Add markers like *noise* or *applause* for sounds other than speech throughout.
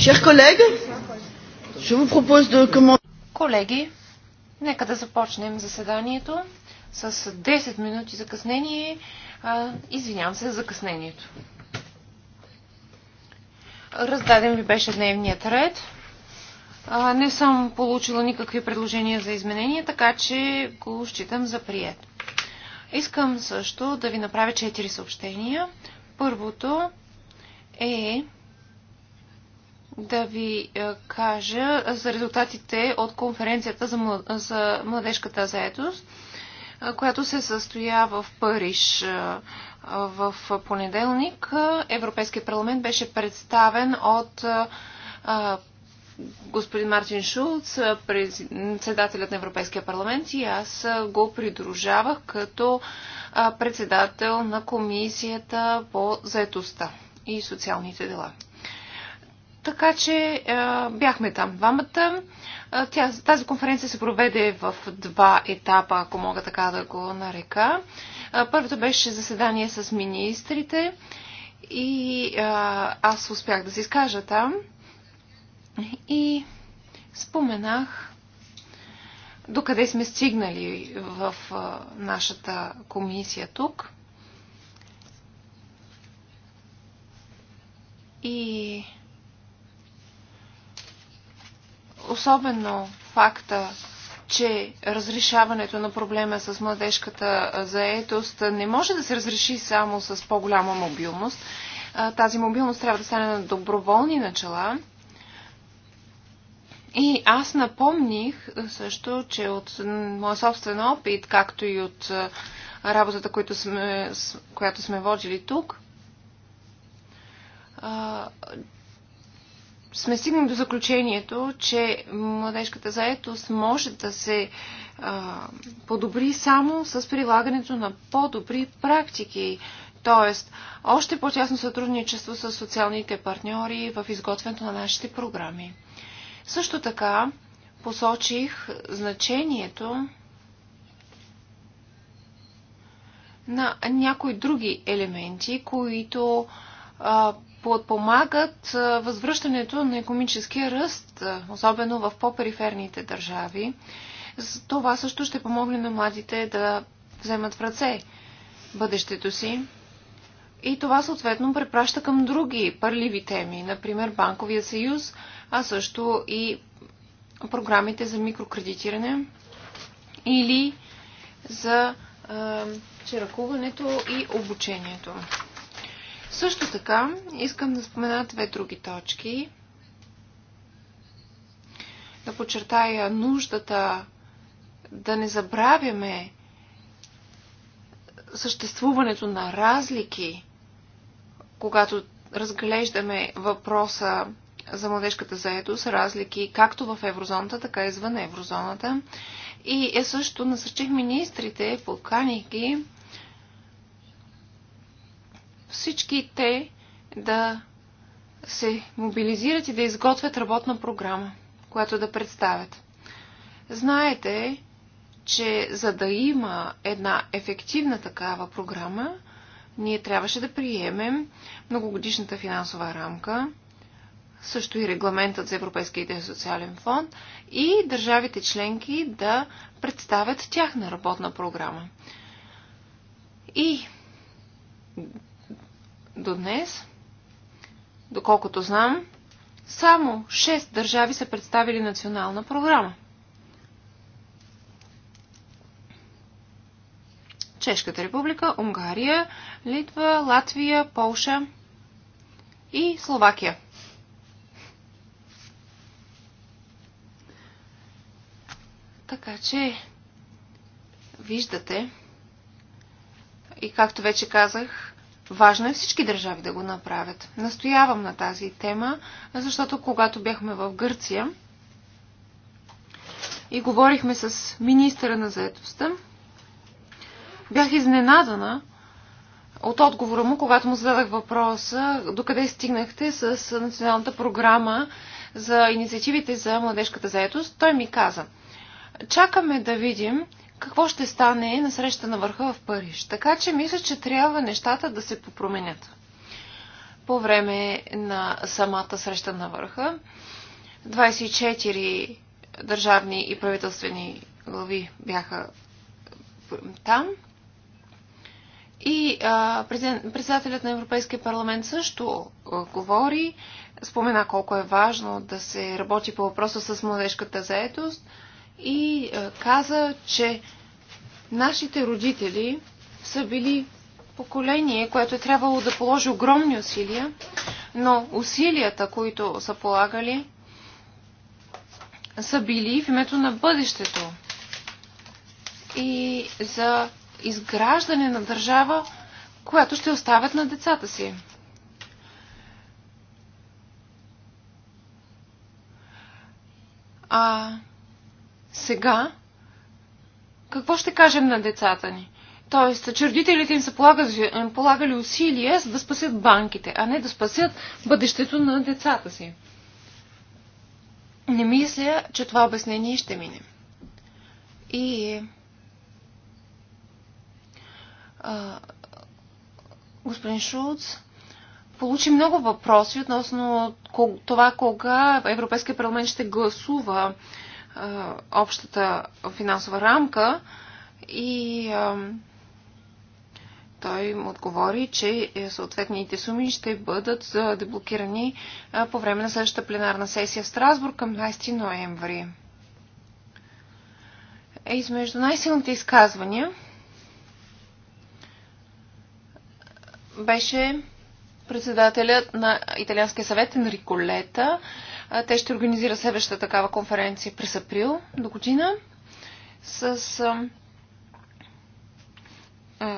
Chers collègues, je vous propose de commencer. Колеги, нека да започнем заседанието с 10 минути закъснение. Извинявам се за закъснението. Раздаден ви беше дневният ред. Не съм получила никакви предложения за изменения, така че го считам за прият. Искам също да ви направя 4 съобщения. Първото е да ви е, кажа за резултатите от конференцията за младежката заедост, е, която се състоя в Париж е, в понеделник. Европейския парламент беше представен от господин Мартин Шулц, председателят на Европейския парламент и аз го придружавах като председател на комисията по заедостта и социалните дела. Така че а, е, бяхме там двамата. Е, тя, тази конференция се проведе в два етапа, ако мога така да го нарека. Е, първото беше заседание с министрите и а, аз успях да се изкажа там и споменах докъде сме стигнали в а, нашата комисия тук. И особено факта, че разрешаването на проблема с младежката заетост не може да се разреши само с по-голяма мобилност. Тази мобилност трябва да стане на доброволни начала. И аз напомних също, че от моя собствен опит, както и от работата, която сме, която сме водили тук, сме стигнали до заключението, че младежката заетост може да се а, подобри само с прилагането на по-добри практики, т.е. още по-тясно сътрудничество с социалните партньори в изготвянето на нашите програми. Също така посочих значението на някои други елементи, които а, подпомагат възвръщането на економическия ръст, особено в по-периферните държави. Това също ще помогне на младите да вземат в ръце бъдещето си. И това съответно препраща към други парливи теми, например Банковия съюз, а също и програмите за микрокредитиране или за е, чиракуването и обучението. Също така, искам да спомена две други точки. Да подчертая нуждата да не забравяме съществуването на разлики, когато разглеждаме въпроса за младежката заедост, разлики както в еврозоната, така и извън еврозоната. И е също насърчих министрите, поканих ги всички те да се мобилизират и да изготвят работна програма, която да представят. Знаете, че за да има една ефективна такава програма, ние трябваше да приемем многогодишната финансова рамка, също и регламентът за Европейския социален фонд и държавите членки да представят тяхна работна програма. И до днес, доколкото знам, само 6 държави са представили национална програма. Чешката република, Унгария, Литва, Латвия, Полша и Словакия. Така че, виждате, и както вече казах, Важно е всички държави да го направят. Настоявам на тази тема, защото когато бяхме в Гърция и говорихме с министъра на заедостта, бях изненадана от отговора му, когато му зададах въпроса докъде стигнахте с националната програма за инициативите за младежката заедост. Той ми каза, чакаме да видим какво ще стане на среща на върха в Париж. Така че мисля, че трябва нещата да се попроменят. По време на самата среща на върха 24 държавни и правителствени глави бяха там. И а, председателят на Европейския парламент също а, говори, спомена колко е важно да се работи по въпроса с младежката заетост. А, и е, каза, че нашите родители са били поколение, което е трябвало да положи огромни усилия, но усилията, които са полагали, са били в името на бъдещето и за изграждане на държава, която ще оставят на децата си. А сега, какво ще кажем на децата ни? Тоест, чердителите им са полагали, усилия, за да спасят банките, а не да спасят бъдещето на децата си. Не мисля, че това обяснение ще мине. И а, господин Шулц получи много въпроси относно това кога Европейския парламент ще гласува общата финансова рамка и той му отговори, че е, съответните суми ще бъдат деблокирани по време на следващата пленарна сесия в Страсбург към 20 ноември. Е, измежду най-силните изказвания беше председателят на Италианския съвет Енрико Лета, те ще организира следващата такава конференция през април до година с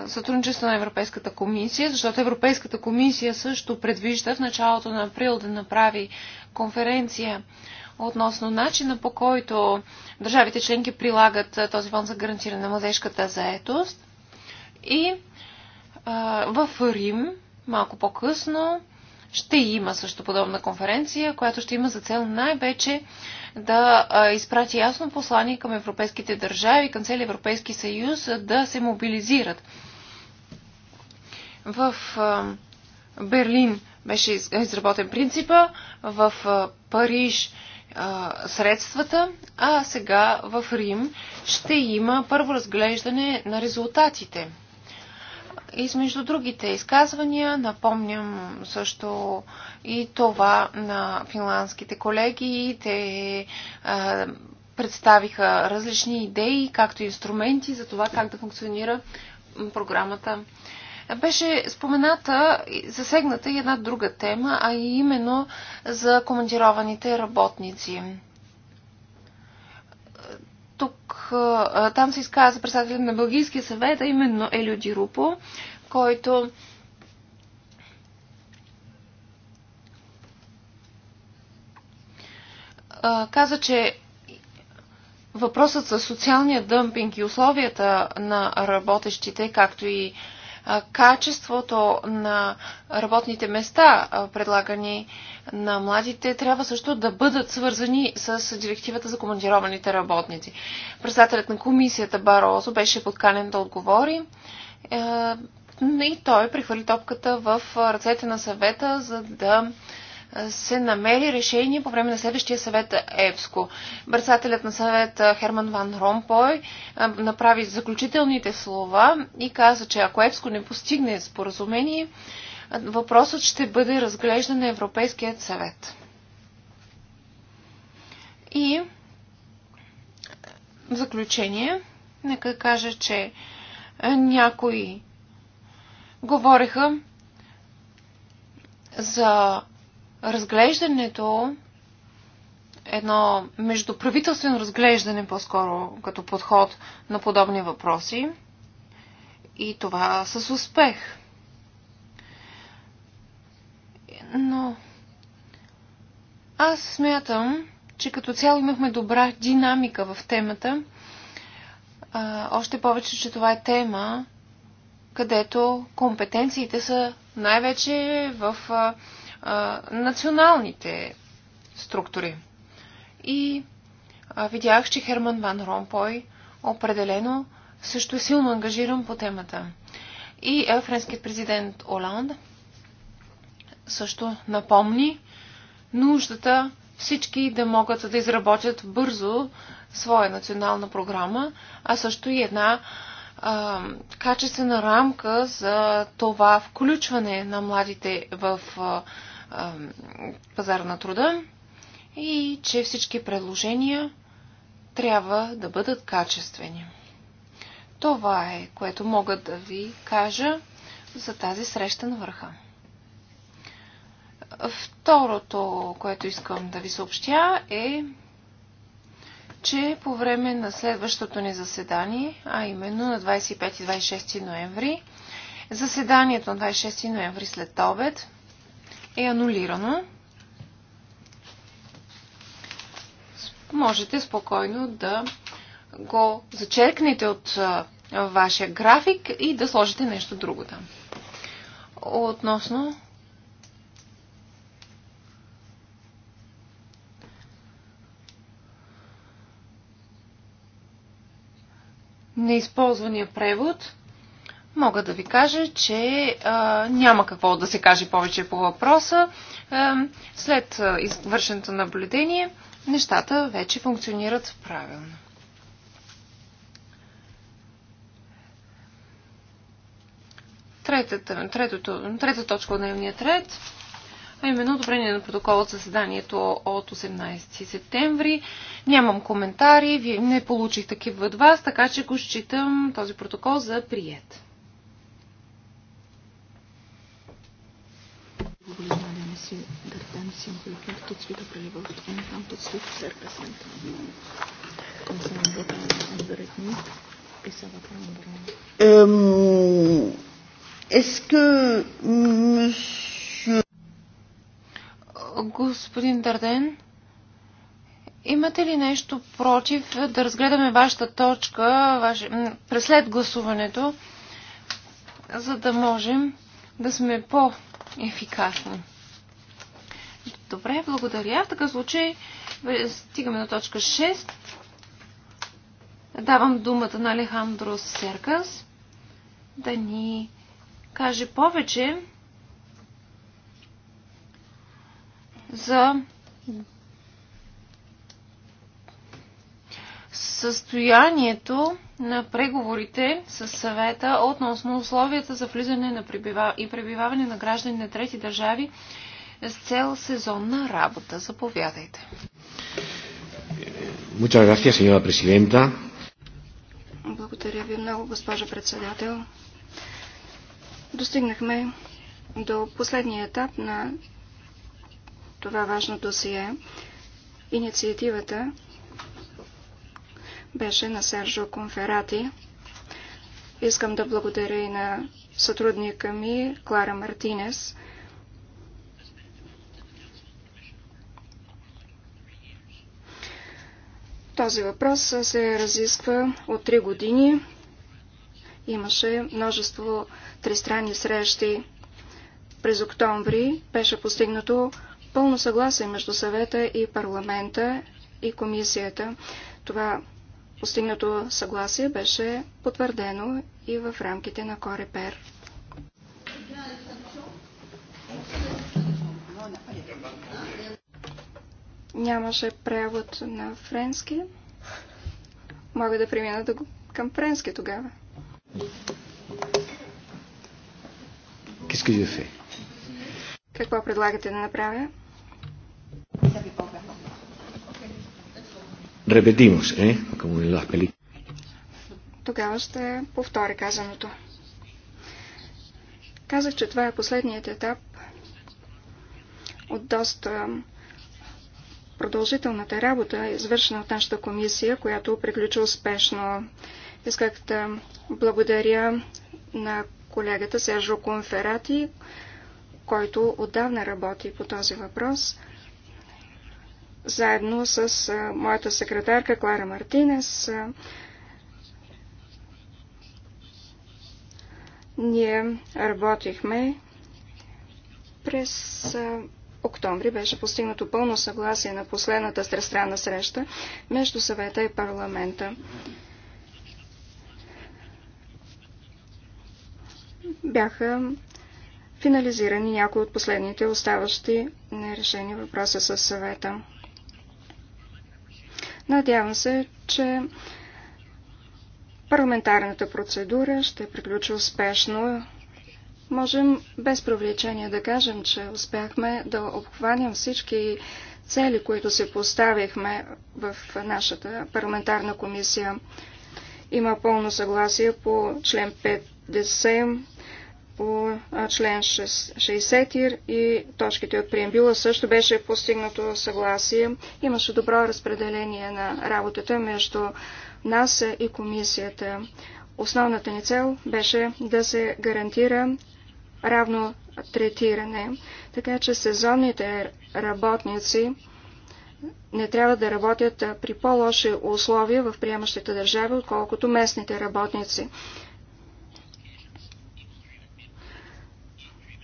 сътрудничество на Европейската комисия, защото Европейската комисия също предвижда в началото на април да направи конференция относно начина по който държавите членки прилагат този фонд за гарантиране на младежката заетост. И а, в Рим, малко по-късно, ще има също подобна конференция, която ще има за цел най-вече да изпрати ясно послание към европейските държави, към цели Европейски съюз, да се мобилизират. В Берлин беше изработен принципа, в Париж средствата, а сега в Рим ще има първо разглеждане на резултатите – Измежду другите изказвания напомням също и това на финландските колеги. Те а, представиха различни идеи, както и инструменти за това как да функционира програмата. Беше спомената, засегната и една друга тема, а именно за командированите работници. Е, там се изказа председателят на Бългийския съвет, а именно Елио Дирупо, който е, каза, че въпросът за социалния дъмпинг и условията на работещите, както и качеството на работните места, предлагани на младите, трябва също да бъдат свързани с директивата за командированите работници. Председателят на комисията Барозо беше подканен да отговори е, и той прехвърли топката в ръцете на съвета, за да се намери решение по време на следващия съвет ЕПСКО. Бърсателят на съвет Херман Ван Ромпой направи заключителните слова и каза, че ако ЕПСКО не постигне споразумение, въпросът ще бъде разглеждан на Европейският съвет. И в заключение, нека кажа, че някои говореха за разглеждането, едно междуправителствено разглеждане по-скоро като подход на подобни въпроси и това с успех. Но аз смятам, че като цяло имахме добра динамика в темата. А, още повече, че това е тема, където компетенциите са най-вече в а, а, националните структури. И а, видях, че Херман Ван Ромпой определено също е силно ангажиран по темата. И а, френският президент Оланд също напомни нуждата всички да могат да изработят бързо своя национална програма, а също и една а, качествена рамка за това включване на младите в а, пазара на труда и че всички предложения трябва да бъдат качествени. Това е, което мога да ви кажа за тази среща на върха. Второто, което искам да ви съобщя е, че по време на следващото ни заседание, а именно на 25 и 26 ноември, заседанието на 26 ноември след обед, е анулирано. Можете спокойно да го зачеркнете от вашия график и да сложите нещо друго там. Относно неизползвания превод – мога да ви кажа, че а, няма какво да се каже повече по въпроса. А, след извършеното наблюдение, нещата вече функционират правилно. Третата, третото, трета точка от дневния ред, а именно одобрение на протокол от заседанието от 18 септември. Нямам коментари, вие не получих такива от вас, така че го считам този протокол за прият. si, Dardan, si on peut le faire tout de suite après le vote, on attend tout de suite les représentants. Comme ça, on vote à 11h30 et ça va prendre. Euh, Est-ce que monsieur. Господин Дарден, имате ли нещо против да разгледаме вашата точка ваше, през след гласуването, за да можем да сме по-ефикасни? Добре, благодаря. В такъв случай е, стигаме на точка 6. Давам думата на Алехандро Серкас да ни каже повече за състоянието на преговорите с съвета относно условията за влизане на пребива... и пребиваване на граждани на трети държави с цел сезонна работа. Заповядайте. Благодаря ви много, госпожа председател. Достигнахме до последния етап на това важно досие. Инициативата беше на Сержо Конферати. Искам да благодаря и на сътрудника ми Клара Мартинес – Този въпрос се разисква от три години. Имаше множество тристранни срещи. През октомври беше постигнато пълно съгласие между съвета и парламента и комисията. Това постигнато съгласие беше потвърдено и в рамките на Корепер. Нямаше превод на френски. Мога да премина да... към френски тогава. Какво предлагате да направя? Репетимos, се. Eh? Como en las películas. Тогава ще повторя казаното. Казах, че това е последният етап от доста продължителната работа, извършена от нашата комисия, която приключи успешно. Исках да благодаря на колегата Сержо Конферати, който отдавна работи по този въпрос, заедно с моята секретарка Клара Мартинес. Ние работихме през октомври беше постигнато пълно съгласие на последната тристранна среща между съвета и парламента. Бяха финализирани някои от последните оставащи нерешени въпроса с съвета. Надявам се, че парламентарната процедура ще приключи успешно Можем без привлечение да кажем, че успяхме да обхванем всички цели, които се поставихме в нашата парламентарна комисия. Има пълно съгласие по член 50, по член 60 и точките от преембила също беше постигнато съгласие. Имаше добро разпределение на работата между нас и комисията. Основната ни цел беше да се гарантира равно третиране. Така че сезонните работници не трябва да работят при по-лоши условия в приемащите държави, отколкото местните работници.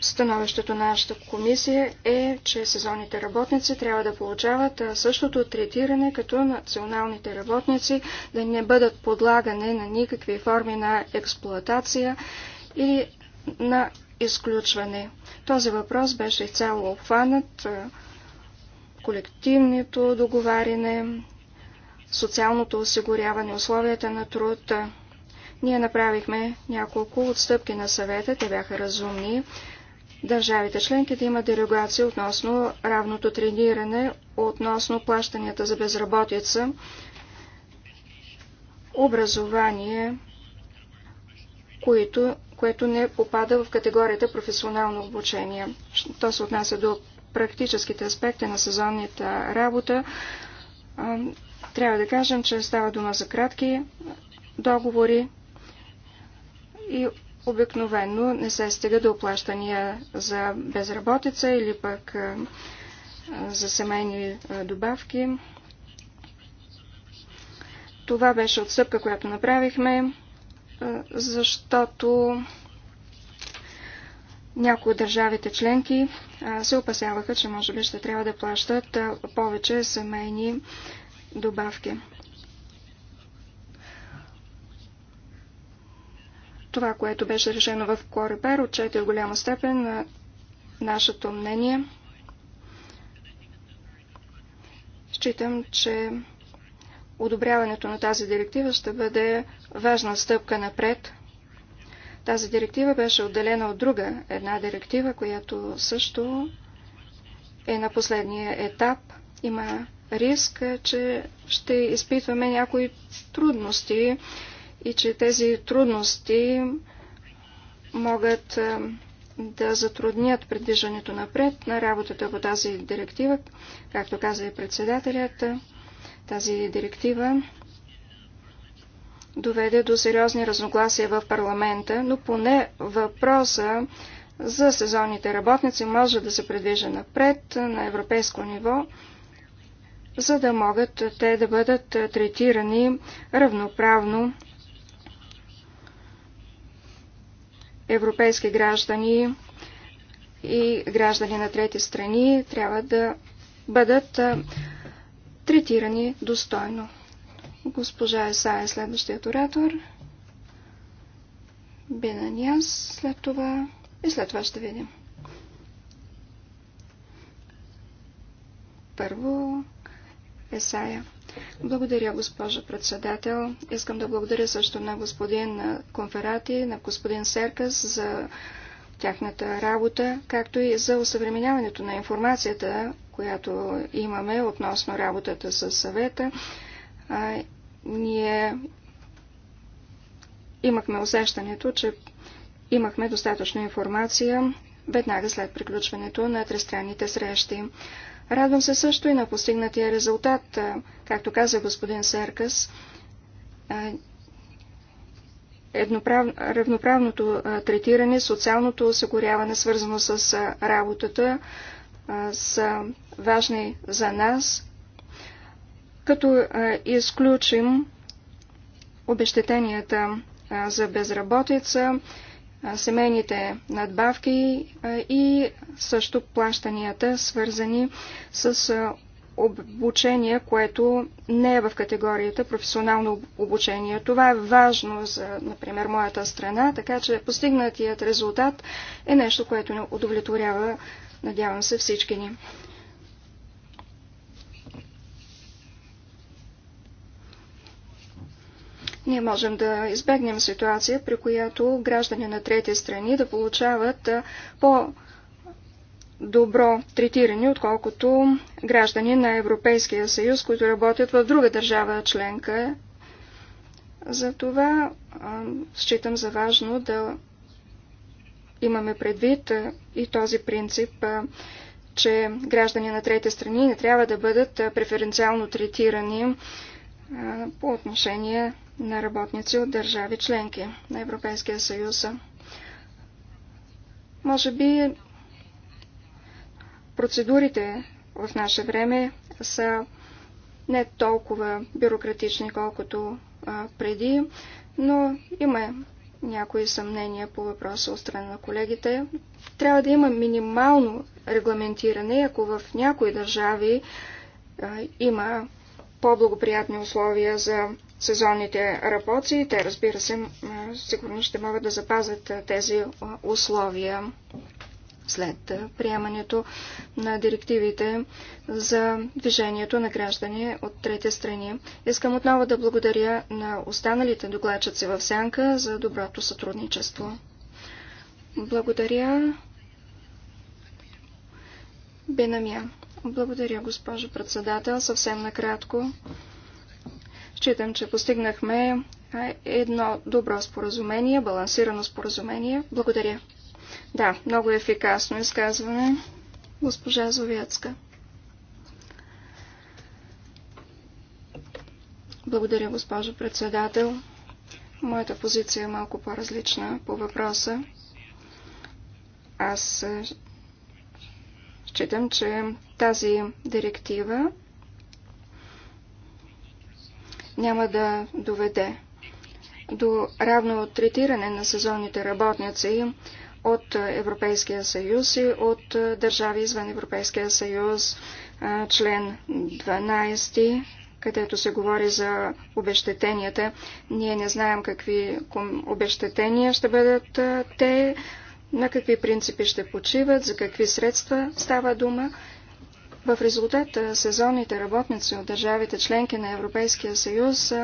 Становището на нашата комисия е, че сезонните работници трябва да получават същото третиране като националните работници, да не бъдат подлагани на никакви форми на експлоатация или на изключване. Този въпрос беше цяло обхванат колективното договаряне, социалното осигуряване, условията на труд. Ние направихме няколко отстъпки на съвета, те бяха разумни. Държавите членки да имат дерогация относно равното трениране, относно плащанията за безработица, образование, които което не попада в категорията професионално обучение. То се отнася до практическите аспекти на сезонната работа. Трябва да кажем, че става дума за кратки договори и обикновенно не се стига до оплащания за безработица или пък за семейни добавки. Това беше отстъпка, която направихме защото някои от държавите членки се опасяваха, че може би ще трябва да плащат повече семейни добавки. Това, което беше решено в Корепер, отчете в голяма степен на нашето мнение. Считам, че одобряването на тази директива ще бъде важна стъпка напред. Тази директива беше отделена от друга, една директива, която също е на последния етап. Има риск, че ще изпитваме някои трудности и че тези трудности могат да затруднят предвиждането напред на работата по тази директива. Както каза и председателят, тази директива доведе до сериозни разногласия в парламента, но поне въпроса за сезонните работници може да се предвижда напред на европейско ниво, за да могат те да бъдат третирани равноправно европейски граждани и граждани на трети страни трябва да бъдат третирани достойно. Госпожа Еса е следващият оратор. Бенаняс след това и след това ще видим. Първо Есая. Благодаря, госпожа председател. Искам да благодаря също на господин Конферати, на господин Серкас за тяхната работа, както и за осъвременяването на информацията, която имаме относно работата с съвета ние имахме усещането, че имахме достатъчно информация веднага след приключването на тристранните срещи. Радвам се също и на постигнатия резултат, както каза господин Серкас, едноправ... равноправното третиране, социалното осигуряване, свързано с работата, са важни за нас, като е, изключим обещетенията е, за безработица, е, семейните надбавки и също плащанията, свързани с обучение, което не е в категорията професионално обучение. Това е важно за, например, моята страна, така че постигнатият резултат е нещо, което не удовлетворява, надявам се, всички ни. ние можем да избегнем ситуация, при която граждани на трети страни да получават по-добро третиране, отколкото граждани на Европейския съюз, които работят в друга държава членка. Затова считам за важно да имаме предвид и този принцип, че граждани на трети страни не трябва да бъдат преференциално третирани по отношение на работници от държави членки на Европейския съюз. Може би процедурите в наше време са не толкова бюрократични, колкото а, преди, но има някои съмнения по въпроса от страна на колегите. Трябва да има минимално регламентиране, ако в някои държави а, има по-благоприятни условия за сезонните работи и те, разбира се, сигурно ще могат да запазят тези условия след приемането на директивите за движението на граждани от трети страни. Искам отново да благодаря на останалите докладчици в Сянка за доброто сътрудничество. Благодаря. Бенамия. Благодаря, госпожо председател. Съвсем накратко. Считам, че постигнахме едно добро споразумение, балансирано споразумение. Благодаря. Да, много ефикасно изказване. Госпожа Зовяцка. Благодаря, госпожо председател. Моята позиция е малко по-различна по въпроса. Аз считам, че тази директива няма да доведе до равно третиране на сезонните работници от Европейския съюз и от държави извън Европейския съюз, член 12, където се говори за обещетенията. Ние не знаем какви обещетения ще бъдат те, на какви принципи ще почиват, за какви средства става дума. В резултат сезонните работници от държавите членки на Европейския съюз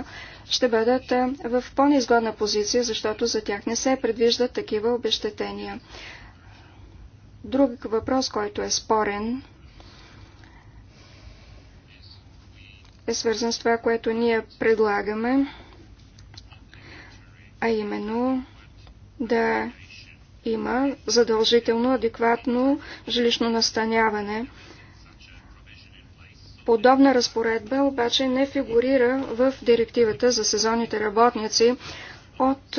ще бъдат в по-неизгодна позиция, защото за тях не се предвиждат такива обещетения. Друг въпрос, който е спорен, е свързан с това, което ние предлагаме, а именно да има задължително адекватно жилищно настаняване Подобна разпоредба обаче не фигурира в директивата за сезонните работници от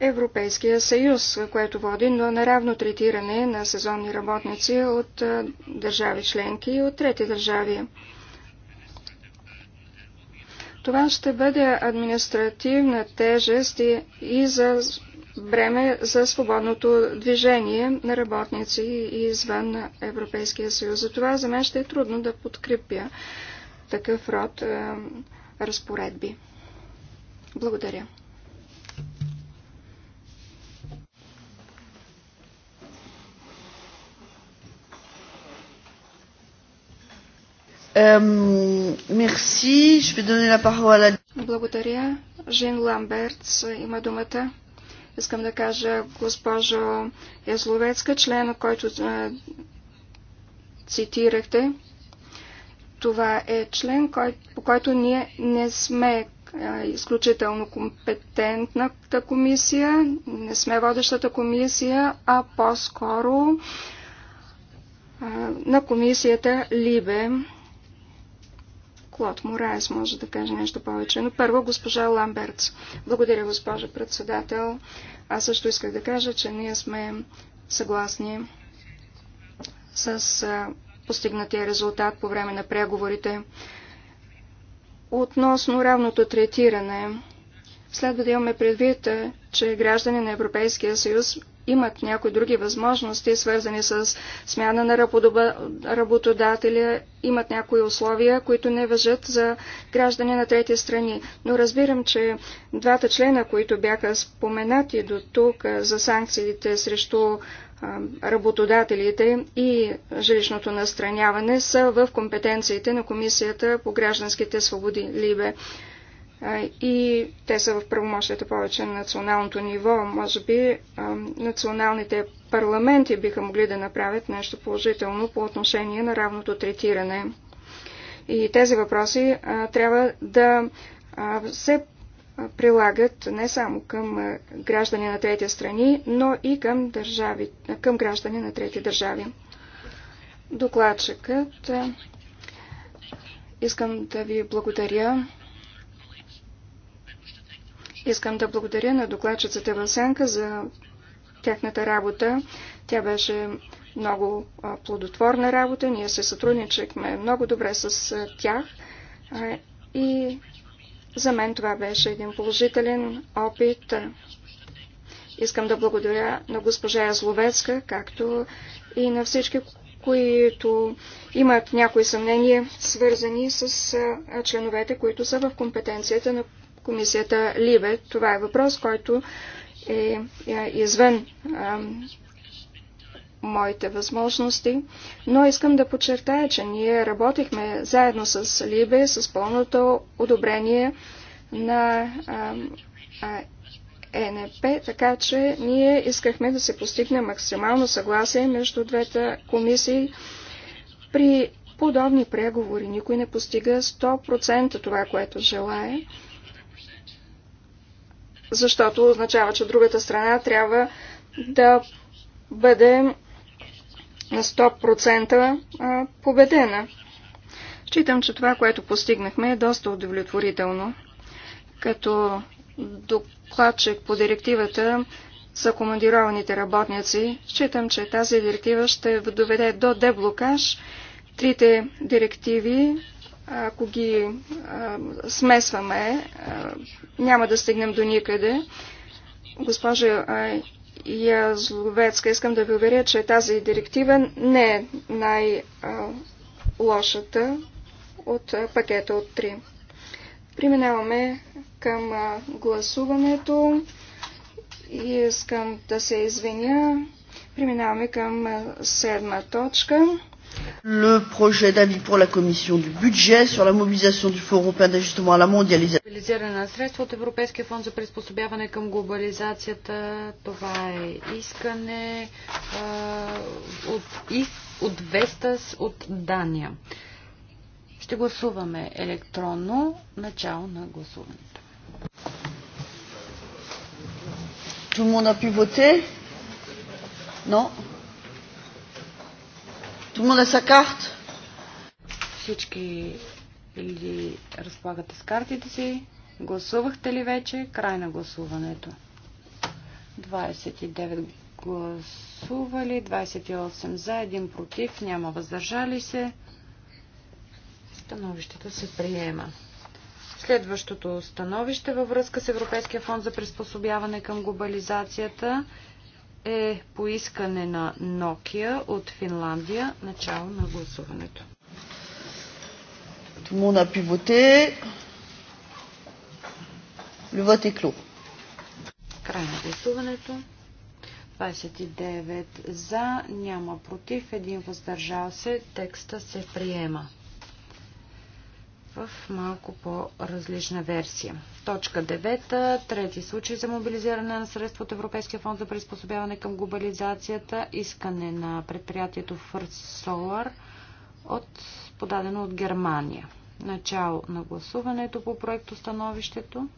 Европейския съюз, което води до неравно третиране на сезонни работници от държави членки и от трети държави. Това ще бъде административна тежест и за Време за свободното движение на работници и извън Европейския съюз. Затова за мен ще е трудно да подкрепя такъв род е, разпоредби. Благодаря. Благодаря. Жин Ламбертс има думата. Искам да кажа госпожо Язловецка, члена, който цитирахте. Това е член, кой, по който ние не сме изключително компетентната комисия, не сме водещата комисия, а по-скоро на комисията Либе. Клод Мораес може да каже нещо повече. Но първо госпожа Ламбертс. Благодаря, госпожа председател. Аз също исках да кажа, че ние сме съгласни с постигнатия резултат по време на преговорите. Относно равното третиране, следва да имаме предвид, че граждани на Европейския съюз имат някои други възможности, свързани с смяна на работодателя, имат някои условия, които не въжат за граждани на трети страни. Но разбирам, че двата члена, които бяха споменати до тук за санкциите срещу работодателите и жилищното настраняване са в компетенциите на Комисията по гражданските свободи Либе и те са в правомощията повече на националното ниво. Може би националните парламенти биха могли да направят нещо положително по отношение на равното третиране. И тези въпроси трябва да се прилагат не само към граждани на трети страни, но и към, държави, към граждани на трети държави. Докладчикът, искам да ви благодаря Искам да благодаря на докладчицата в за тяхната работа. Тя беше много плодотворна работа. Ние се сътрудничахме много добре с тях. И за мен това беше един положителен опит. Искам да благодаря на госпожа Язловецка, както и на всички, които имат някои съмнения, свързани с членовете, които са в компетенцията на комисията Либе. Това е въпрос, който е, е извън моите възможности, но искам да подчертая, че ние работихме заедно с Либе с пълното одобрение на ЕНП, така че ние искахме да се постигне максимално съгласие между двете комисии. При подобни преговори никой не постига 100% това, което желая защото означава, че другата страна трябва да бъде на 100% победена. Считам, че това, което постигнахме, е доста удовлетворително. Като докладчик по директивата за командированите работници, считам, че тази директива ще доведе до деблокаж. Трите директиви ако ги а, смесваме, а, няма да стигнем до никъде. Госпожа Язловецка, искам да ви уверя, че тази директива не е най-лошата от пакета от 3. Преминаваме към гласуването и искам да се извиня. Преминаваме към седма точка. Le projet d'avis pour la commission du budget sur la mobilisation du Fonds européen d'ajustement à la mondialisation. Мобилизиране на средства от Европейския фонд за приспособяване към глобализацията. Това е искане а, от, из, от Вестас от Дания. Ще гласуваме електронно начало на гласуването. Tout le monde a pu voter Non Tout le monde a sa carte? Всички или разполагате с картите си? Гласувахте ли вече? Край на гласуването. 29 гласували, 28 за, 1 против, няма въздържали се. Становището се приема. Следващото становище във връзка с Европейския фонд за приспособяване към глобализацията е поискане на Nokia от Финландия. Начало на гласуването. Тому на пивоте. a и voter. Край на гласуването. 29 за, няма против, един въздържал се. Текста се приема в малко по-различна версия. Точка 9. Трети случай за мобилизиране на средства от Европейския фонд за приспособяване към глобализацията. Искане на предприятието First Solar от, подадено от Германия. Начало на гласуването по проекто становището.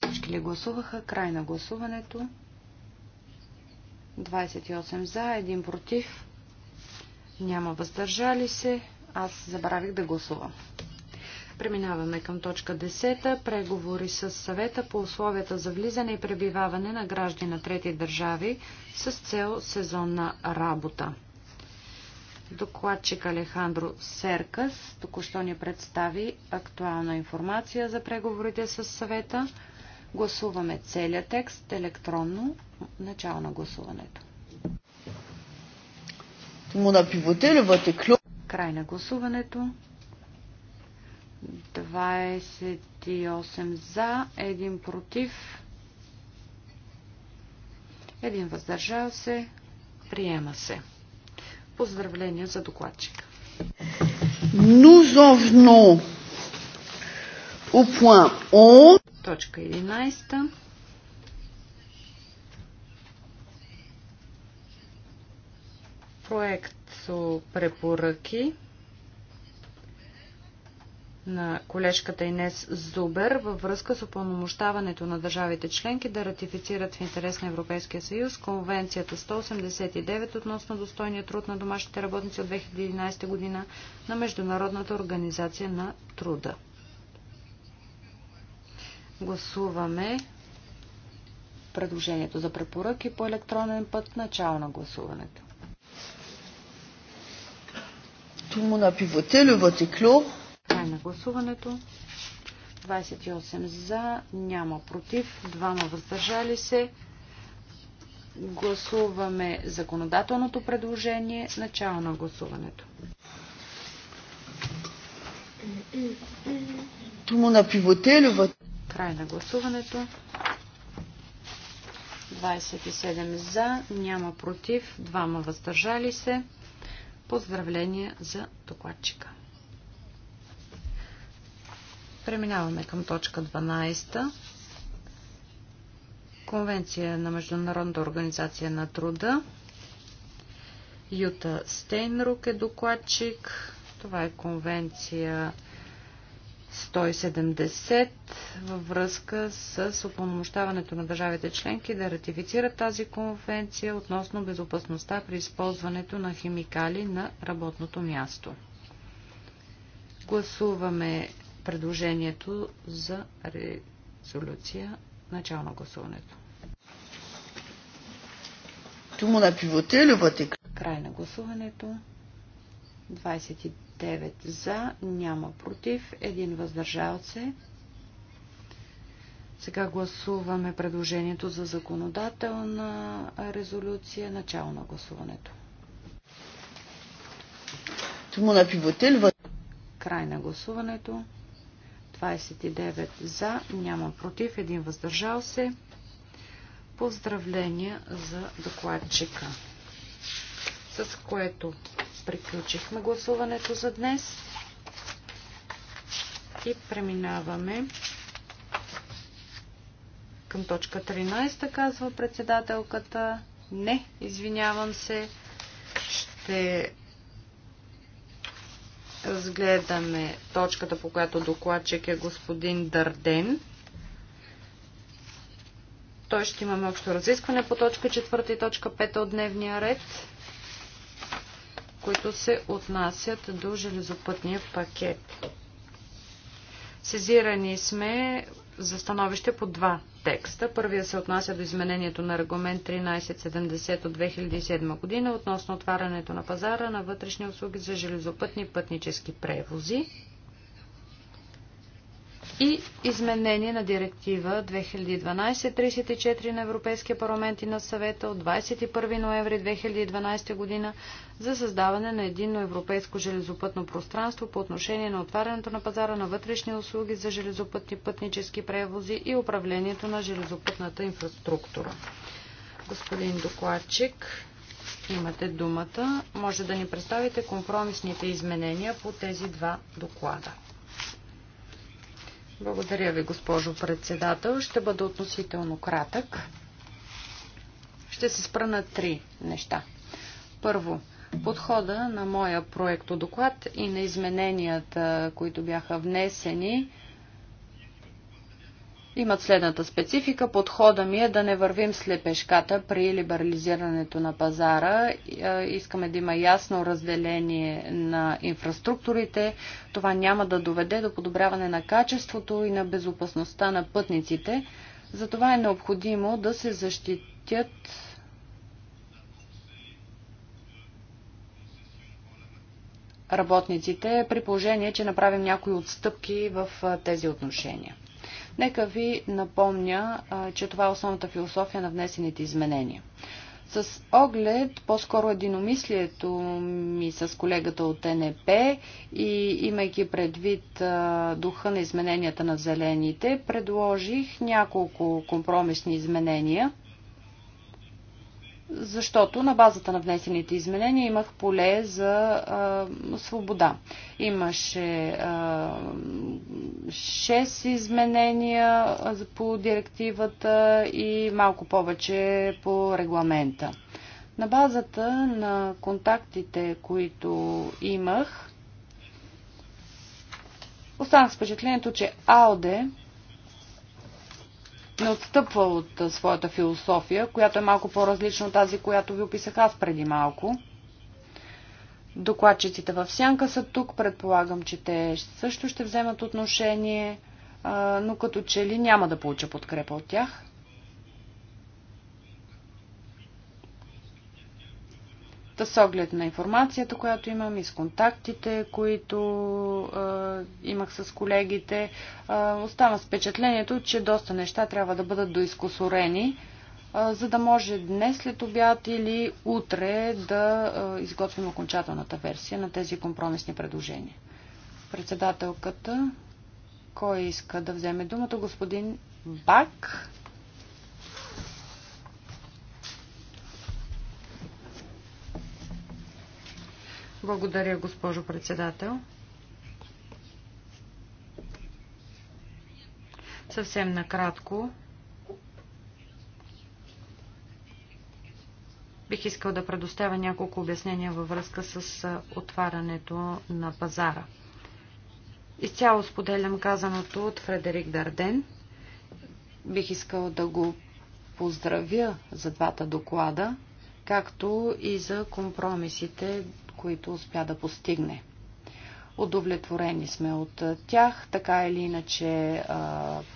Всички ли гласуваха? Край на гласуването. 28 за, 1 против, няма въздържали се. Аз забравих да гласувам. Преминаваме към точка 10. Преговори с съвета по условията за влизане и пребиваване на граждани на трети държави с цел сезонна работа. Докладчик Алехандро Серкас току-що ни представи актуална информация за преговорите с съвета. Гласуваме целият текст електронно начало на гласуването вътре клюк. Край на гласуването. 28 за, 1 против, 1 въздържал се, приема се. Поздравления за докладчик. Nous en venons au point 11. Точка 11. проекто препоръки на колежката Инес Зубер във връзка с опълномощаването на държавите членки да ратифицират в интерес на Европейския съюз Конвенцията 189 относно достойния труд на домашните работници от 2011 година на Международната организация на труда. Гласуваме предложението за препоръки по електронен път начало на гласуването. Tout le monde a pu voter, le vote est clos. Край на гласуването. 28 за, няма против, 2 въздържали се. Гласуваме законодателното предложение, начало на гласуването. Tout le Край на гласуването. 27 за, няма против, 2 въздържали се. Поздравления за докладчика. Преминаваме към точка 12. Конвенция на Международната организация на труда. Юта Стейнрук е докладчик. Това е конвенция 170 във връзка с упълномощаването на държавите членки да ратифицират тази конвенция относно безопасността при използването на химикали на работното място. Гласуваме предложението за резолюция. Начало на гласуването. Край на гласуването. 9 за, няма против, 1 въздържал се. Сега гласуваме предложението за законодателна резолюция, начало на гласуването. Край на гласуването. 29 за, няма против, 1 въздържал се. Поздравления за докладчика. С което Приключихме гласуването за днес и преминаваме към точка 13, казва председателката. Не, извинявам се. Ще разгледаме точката, по която докладчик е господин Дърден. Той ще имаме общо разискване по точка 4 и точка 5 от дневния ред които се отнасят до железопътния пакет. Сезирани сме за становище по два текста. Първия се отнася до изменението на регламент 1370 от 2007 година относно отварянето на пазара на вътрешни услуги за железопътни пътнически превози и изменение на директива 2012-34 на Европейския парламент и на съвета от 21 ноември 2012 година за създаване на единно европейско железопътно пространство по отношение на отварянето на пазара на вътрешни услуги за железопътни пътнически превози и управлението на железопътната инфраструктура. Господин докладчик, имате думата. Може да ни представите компромисните изменения по тези два доклада. Благодаря ви, госпожо председател. Ще бъда относително кратък. Ще се спра на три неща. Първо, подхода на моя доклад и на измененията, които бяха внесени имат следната специфика. Подхода ми е да не вървим с лепешката при либерализирането на пазара. Е, искаме да има ясно разделение на инфраструктурите. Това няма да доведе до подобряване на качеството и на безопасността на пътниците. Затова е необходимо да се защитят работниците, при положение, че направим някои отстъпки в е, тези отношения. Нека ви напомня, че това е основната философия на внесените изменения. С оглед по-скоро единомислието ми с колегата от НП и имайки предвид духа на измененията на зелените, предложих няколко компромисни изменения – защото на базата на внесените изменения имах поле за а, свобода. Имаше а, 6 изменения по директивата и малко повече по регламента. На базата на контактите, които имах, останах с впечатлението, че АОДЕ не отстъпва от своята философия, която е малко по-различна от тази, която ви описах аз преди малко. Докладчиците в сянка са тук, предполагам, че те също ще вземат отношение, но като че ли няма да получа подкрепа от тях. Та с оглед на информацията, която имам и с контактите, които е, имах с колегите, е, остана с впечатлението, че доста неща трябва да бъдат доизкосорени, е, за да може днес след обяд или утре да е, изготвим окончателната версия на тези компромисни предложения. Председателката, кой иска да вземе думата? Господин Бак. Благодаря, госпожо председател. Съвсем накратко. Бих искал да предоставя няколко обяснения във връзка с отварянето на пазара. Изцяло споделям казаното от Фредерик Дарден. Бих искал да го поздравя за двата доклада, както и за компромисите, които успя да постигне. Удовлетворени сме от тях. Така или иначе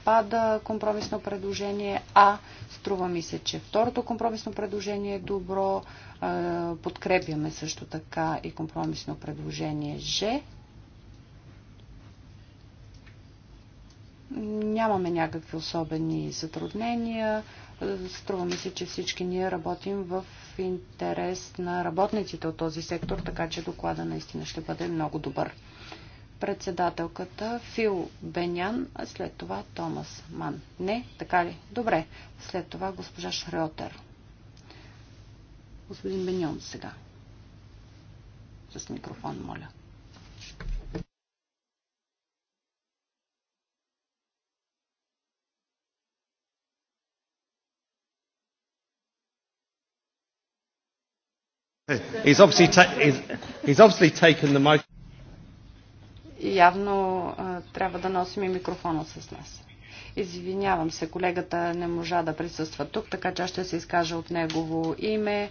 пада компромисно предложение, а струва ми се, че второто компромисно предложение е добро. Подкрепяме също така и компромисно предложение Ж. Нямаме някакви особени затруднения. Струва ми се, че всички ние работим в интерес на работниците от този сектор, така че доклада наистина ще бъде много добър. Председателката Фил Бенян, а след това Томас Ман. Не, така ли? Добре. След това госпожа Шреотер. Господин Беньон сега. С микрофон, моля. He's obviously, ta- he's, he's obviously taken the mic. Явно трябва да носим и микрофона с нас. Извинявам се, колегата не можа да присъства тук, така че аз ще се изкажа от негово име.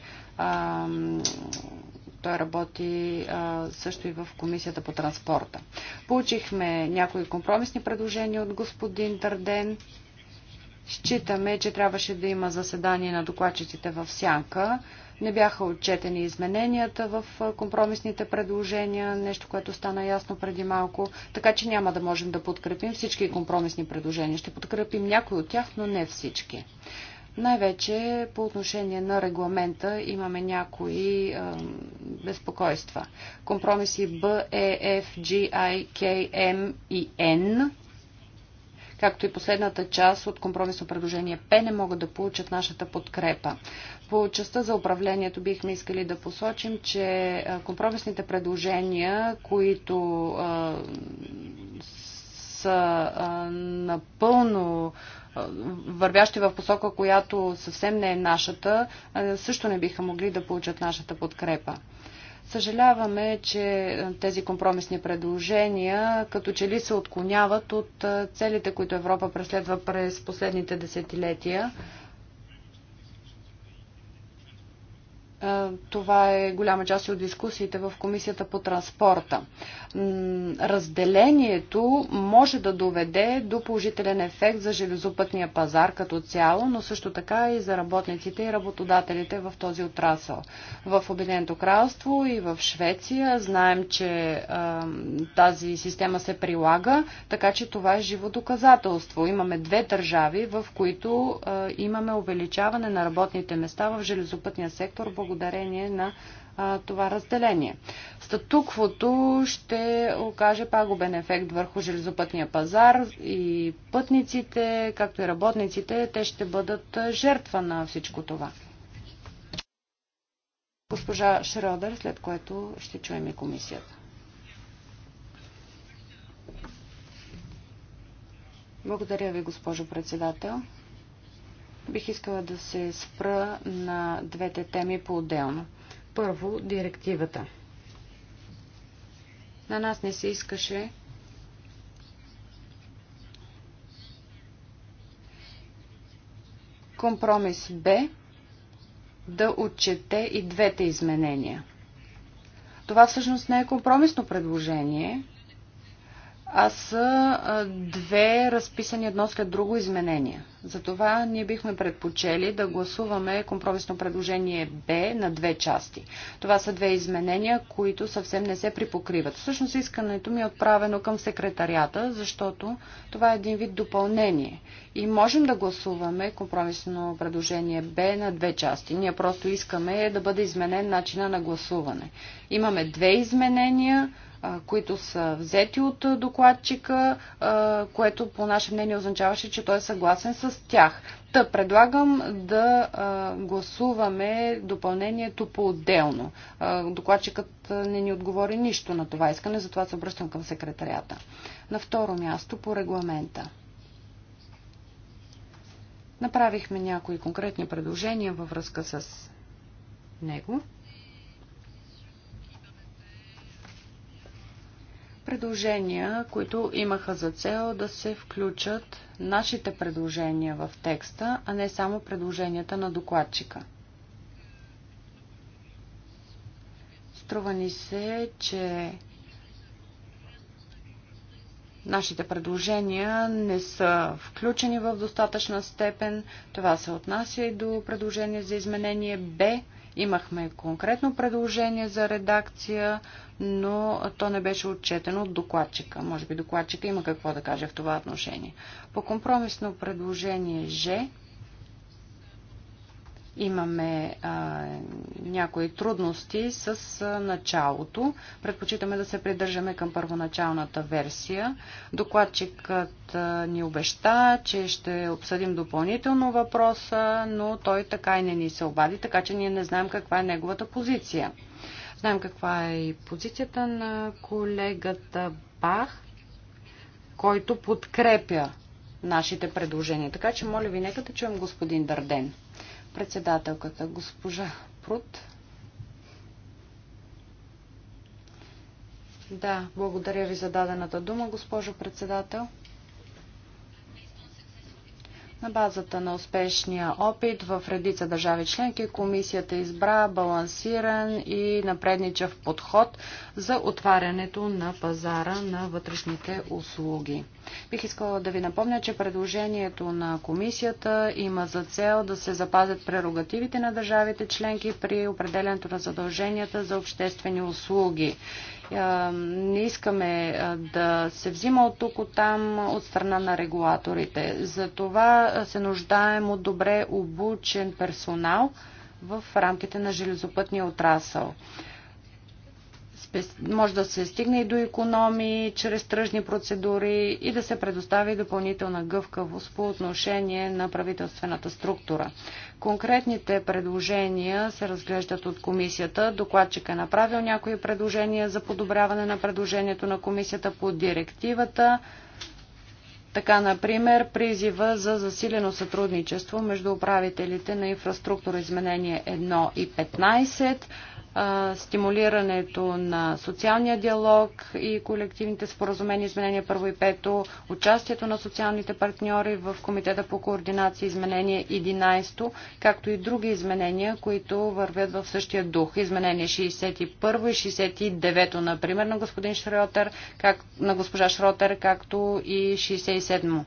той работи а, също и в Комисията по транспорта. Получихме някои компромисни предложения от господин Търден. Считаме, че трябваше да има заседание на докладчиците в Сянка. Не бяха отчетени измененията в компромисните предложения, нещо, което стана ясно преди малко, така че няма да можем да подкрепим всички компромисни предложения. Ще подкрепим някои от тях, но не всички. Най-вече по отношение на регламента имаме някои е, безпокойства. Компромиси B, E, F, G, I, K, M и N както и последната част от компромисно предложение П не могат да получат нашата подкрепа. По частта за управлението бихме искали да посочим, че компромисните предложения, които а, са а, напълно вървящи в посока, която съвсем не е нашата, също не биха могли да получат нашата подкрепа. Съжаляваме, че е, тези компромисни предложения като че ли се отклоняват от е, целите, които Европа преследва през последните десетилетия, Е, това е голяма част от дискусиите в Комисията по транспорта. Разделението може да доведе до положителен ефект за железопътния пазар като цяло, но също така и за работниците и работодателите в този отрасъл. В Обединеното кралство и в Швеция знаем, че е, тази система се прилага, така че това е живо доказателство. Имаме две държави, в които е, имаме увеличаване на работните места в железопътния сектор благодарение на а, това разделение. Статуквото ще окаже пагубен ефект върху железопътния пазар и пътниците, както и работниците, те ще бъдат жертва на всичко това. Госпожа Шродер, след което ще чуем и комисията. Благодаря ви, госпожо председател бих искала да се спра на двете теми по-отделно. Първо, директивата. На нас не се искаше компромис Б да отчете и двете изменения. Това всъщност не е компромисно предложение, а са две разписани едно след друго изменения. Затова ние бихме предпочели да гласуваме компромисно предложение Б на две части. Това са две изменения, които съвсем не се припокриват. Всъщност искането ми е отправено към секретарията, защото това е един вид допълнение. И можем да гласуваме компромисно предложение Б на две части. Ние просто искаме да бъде изменен начина на гласуване. Имаме две изменения, които са взети от докладчика, което по наше мнение означаваше, че той е съгласен с тях. Та предлагам да гласуваме допълнението по-отделно. Докладчикът не ни отговори нищо на това искане, затова се обръщам към секретарията. На второ място по регламента. Направихме някои конкретни предложения във връзка с него. предложения, които имаха за цел да се включат нашите предложения в текста, а не само предложенията на докладчика. Струва ни се, че нашите предложения не са включени в достатъчна степен. Това се отнася и до предложение за изменение Б – Имахме конкретно предложение за редакция, но то не беше отчетено от докладчика. Може би докладчика има какво да каже в това отношение. По компромисно предложение Ж имаме а, някои трудности с а, началото. Предпочитаме да се придържаме към първоначалната версия. Докладчикът а, ни обеща, че ще обсъдим допълнително въпроса, но той така и не ни се обади, така че ние не знаем каква е неговата позиция. Знаем каква е и позицията на колегата Бах, който подкрепя нашите предложения. Така че, моля ви, нека да чуем господин Дарден. Председателката госпожа Прут. Да, благодаря ви за дадената дума, госпожо председател. На базата на успешния опит в редица държави членки, комисията избра балансиран и напредничав подход за отварянето на пазара на вътрешните услуги. Бих искала да ви напомня, че предложението на комисията има за цел да се запазят прерогативите на държавите членки при определенето на задълженията за обществени услуги е, не искаме е, да се взима от тук, от там, от страна на регулаторите. За това е, се нуждаем от добре обучен персонал в рамките на железопътния отрасъл може да се стигне и до економии чрез тръжни процедури и да се предостави допълнителна гъвкавост по отношение на правителствената структура. Конкретните предложения се разглеждат от комисията. Докладчик е направил някои предложения за подобряване на предложението на комисията по директивата. Така, например, призива за засилено сътрудничество между управителите на инфраструктура изменение 1 и 15 стимулирането на социалния диалог и колективните споразумения, изменения първо и пето, участието на социалните партньори в Комитета по координация, изменение 11, както и други изменения, които вървят в същия дух. Изменение 61 и 69, например, на господин Шротер, как, на госпожа Шротер, както и 67.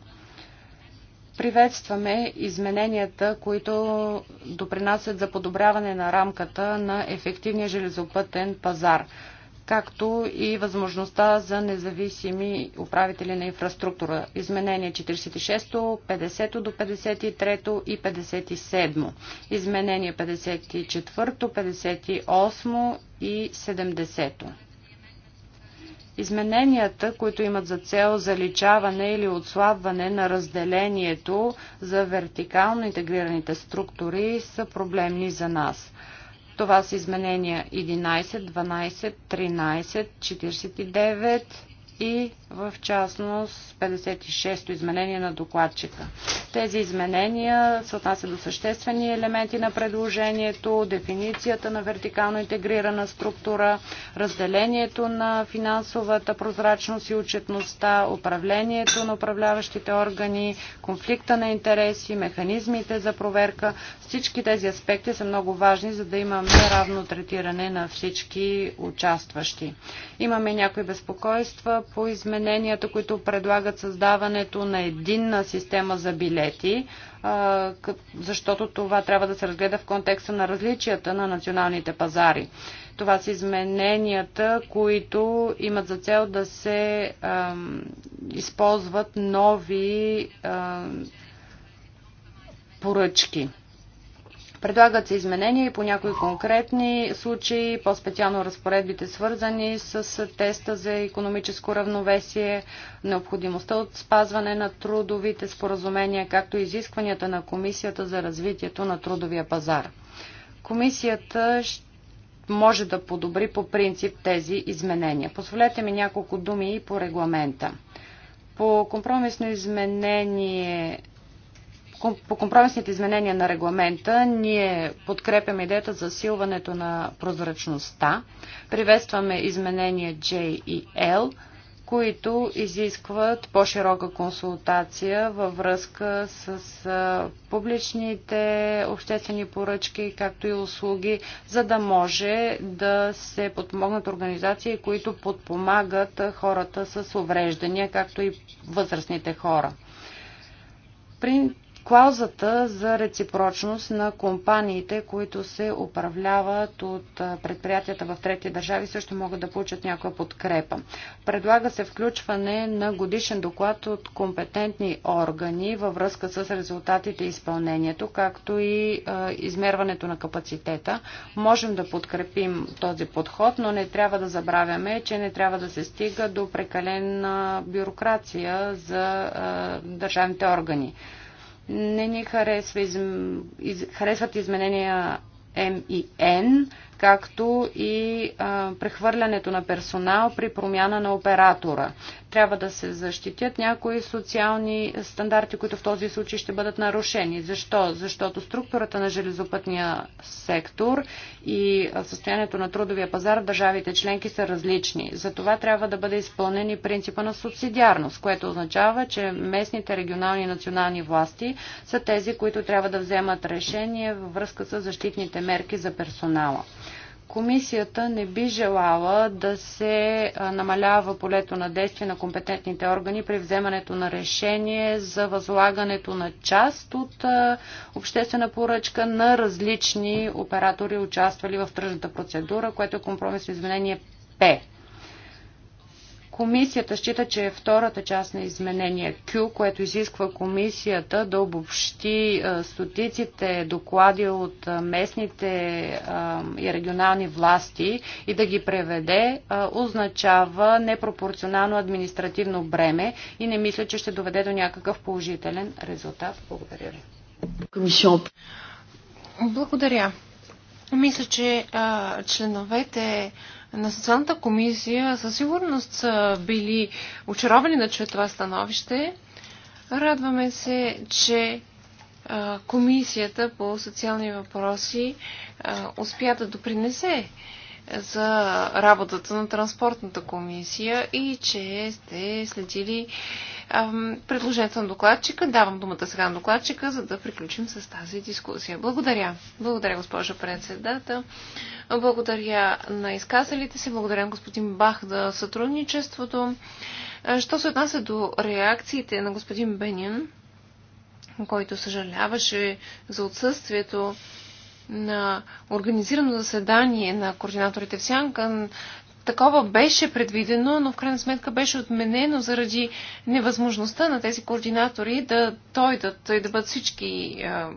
Приветстваме измененията, които допринасят за подобряване на рамката на ефективния железопътен пазар, както и възможността за независими управители на инфраструктура. Изменение 46, 50 до 53 и 57. Изменение 54, 58 и 70. Измененията, които имат за цел заличаване или отслабване на разделението за вертикално интегрираните структури, са проблемни за нас. Това са изменения 11, 12, 13, 49, и в частност 56-то изменение на докладчика. Тези изменения се отнасят до съществени елементи на предложението, дефиницията на вертикално интегрирана структура, разделението на финансовата прозрачност и отчетността, управлението на управляващите органи, конфликта на интереси, механизмите за проверка. Всички тези аспекти са много важни, за да имаме равно третиране на всички участващи. Имаме някои безпокойства по измененията, които предлагат създаването на единна система за билети, защото това трябва да се разгледа в контекста на различията на националните пазари. Това са измененията, които имат за цел да се използват нови поръчки. Предлагат се изменения и по някои конкретни случаи, по-специално разпоредбите свързани с теста за економическо равновесие, необходимостта от спазване на трудовите споразумения, както и изискванията на Комисията за развитието на трудовия пазар. Комисията може да подобри по принцип тези изменения. Позволете ми няколко думи и по регламента. По компромисно изменение по компромисните изменения на регламента ние подкрепяме идеята за силването на прозрачността. Приветстваме изменения J и L, които изискват по-широка консултация във връзка с публичните обществени поръчки, както и услуги, за да може да се подпомогнат организации, които подпомагат хората с увреждания, както и възрастните хора. При клаузата за реципрочност на компаниите, които се управляват от предприятията в трети държави, също могат да получат някаква подкрепа. Предлага се включване на годишен доклад от компетентни органи във връзка с резултатите и изпълнението, както и измерването на капацитета. Можем да подкрепим този подход, но не трябва да забравяме, че не трябва да се стига до прекалена бюрокрация за държавните органи. Не ни харесва, из... Из... харесват изменения М и Н както и а, прехвърлянето на персонал при промяна на оператора. Трябва да се защитят някои социални стандарти, които в този случай ще бъдат нарушени. Защо? Защото структурата на железопътния сектор и състоянието на трудовия пазар в държавите членки са различни. Затова трябва да бъде изпълнен и принципа на субсидиарност, което означава, че местните, регионални и национални власти са тези, които трябва да вземат решение във връзка с защитните мерки за персонала. Комисията не би желала да се намалява полето на действие на компетентните органи при вземането на решение за възлагането на част от обществена поръчка на различни оператори, участвали в тръжната процедура, което е компромисно изменение П. Комисията счита, че е втората част на изменение Q, което изисква комисията да обобщи стотиците доклади от местните и регионални власти и да ги преведе, означава непропорционално административно бреме и не мисля, че ще доведе до някакъв положителен резултат. Благодаря ви. Благодаря. Мисля, че а, членовете на Социалната комисия със сигурност са били очаровани да чуят е това становище. Радваме се, че Комисията по социални въпроси успя да допринесе за работата на Транспортната комисия и че сте следили предложението на докладчика. Давам думата сега на докладчика, за да приключим с тази дискусия. Благодаря. Благодаря, госпожа председател. Благодаря на изказалите си. Благодаря на господин Бах за сътрудничеството. Що се отнася до реакциите на господин Бенин, който съжаляваше за отсъствието на организирано заседание на координаторите в Сянка, такова беше предвидено, но в крайна сметка беше отменено заради невъзможността на тези координатори да дойдат и да бъдат всички а,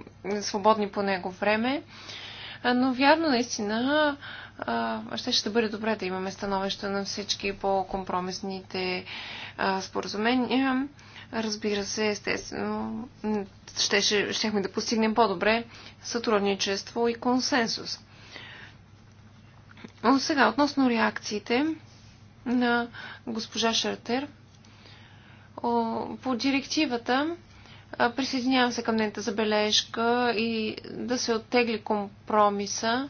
свободни по него време. Но вярно, наистина, а, ще ще бъде добре да имаме становища на всички по компромисните а, споразумения. Разбира се, естествено, ще, ще, щехме да постигнем по-добре сътрудничество и консенсус. Сега, относно реакциите на госпожа Шартер по директивата присъединявам се към нейната забележка и да се оттегли компромиса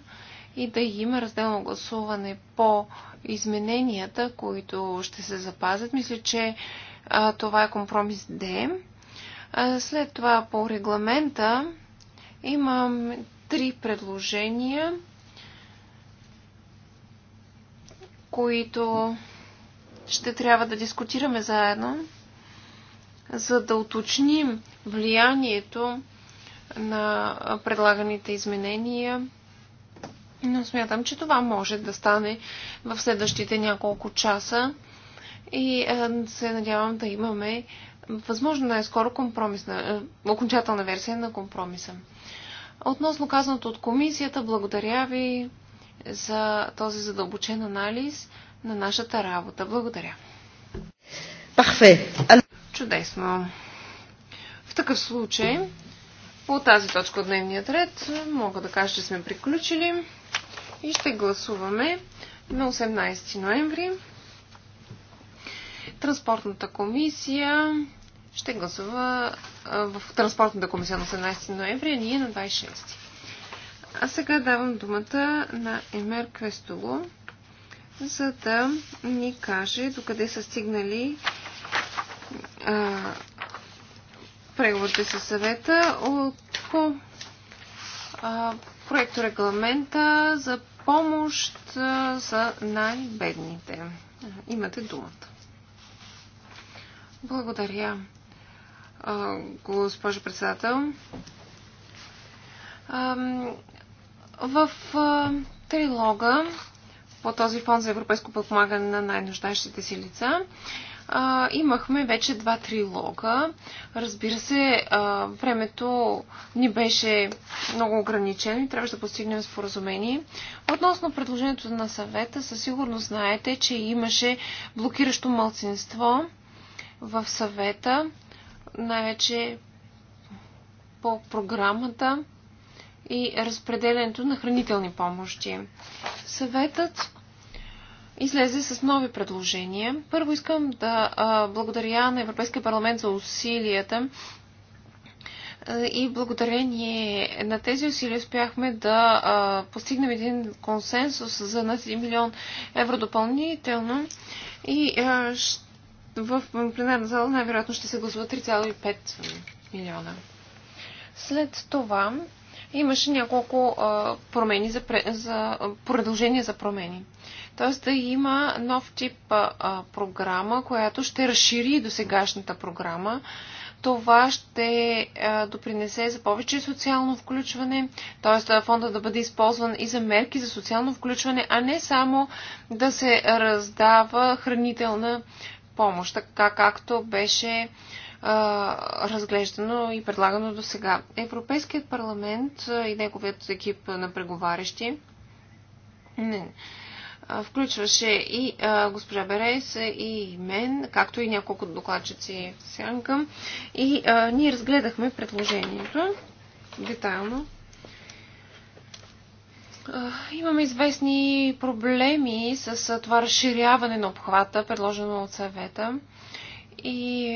и да има разделно гласуване по измененията, които ще се запазят. Мисля, че а, това е компромис Д. след това по регламента имам три предложения които ще трябва да дискутираме заедно, за да уточним влиянието на предлаганите изменения. Но смятам, че това може да стане в следващите няколко часа и е, се надявам да имаме възможно най-скоро компромисна, е, окончателна версия на компромиса. Относно казаното от комисията, благодаря ви за този задълбочен анализ на нашата работа. Благодаря. Чудесно. В такъв случай, по тази точка от дневния ред, мога да кажа, че сме приключили и ще гласуваме на 18 ноември. Транспортната комисия ще гласува в Транспортната комисия на 18 ноември, а ние на 26. А сега давам думата на Емер Квестово, за да ни каже докъде са стигнали преговорите със съвета от, по проекто регламента за помощ за най-бедните. Имате думата. Благодаря, госпожо председател. В а, трилога по този фонд за европейско подпомагане на най-нуждащите си лица а, имахме вече два трилога. Разбира се, а, времето ни беше много ограничено и трябваше да постигнем споразумение. Относно предложението на съвета, със сигурност знаете, че имаше блокиращо мълцинство в съвета, най-вече по програмата и разпределенето на хранителни помощи. Съветът излезе с нови предложения. Първо искам да благодаря на Европейския парламент за усилията и благодарение на тези усилия успяхме да постигнем един консенсус за над 1 милион евро допълнително и в пленарна зала най-вероятно ще се гласува 3,5 милиона. След това имаше няколко промени за, за, продължение за промени. Тоест да има нов тип а, програма, която ще разшири до сегашната програма. Това ще а, допринесе за повече социално включване, т.е. фонда да бъде използван и за мерки за социално включване, а не само да се раздава хранителна помощ, така както беше разглеждано и предлагано до сега. Европейският парламент и неговият екип на преговарящи не, включваше и а, госпожа Берес, и мен, както и няколко докладчици в сянка. И а, ние разгледахме предложението детайлно. Имаме известни проблеми с това разширяване на обхвата, предложено от съвета. И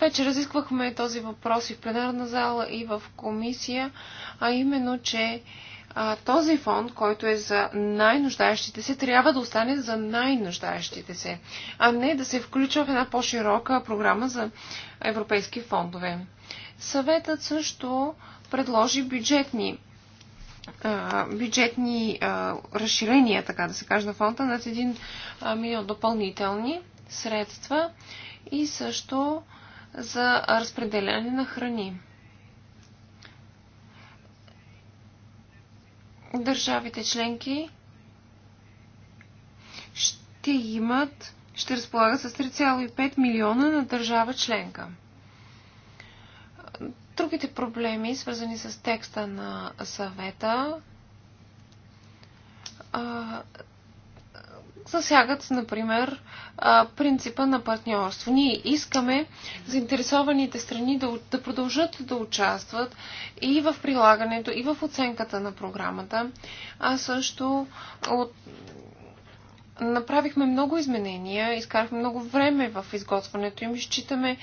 вече разисквахме този въпрос и в пленарна зала, и в комисия, а именно, че а, този фонд, който е за най-нуждаещите се, трябва да остане за най-нуждаещите се, а не да се включва в една по-широка програма за европейски фондове. Съветът също предложи бюджетни бюджетни разширения, така да се каже, на фонда над 1 милион допълнителни средства и също за разпределяне на храни. Държавите членки ще имат, ще разполагат с 3,5 милиона на държава членка. Другите проблеми, свързани с текста на съвета, засягат, например, принципа на партньорство. Ние искаме заинтересованите страни да, да продължат да участват и в прилагането, и в оценката на програмата, а също от, направихме много изменения, изкарахме много време в изготвянето им и считаме,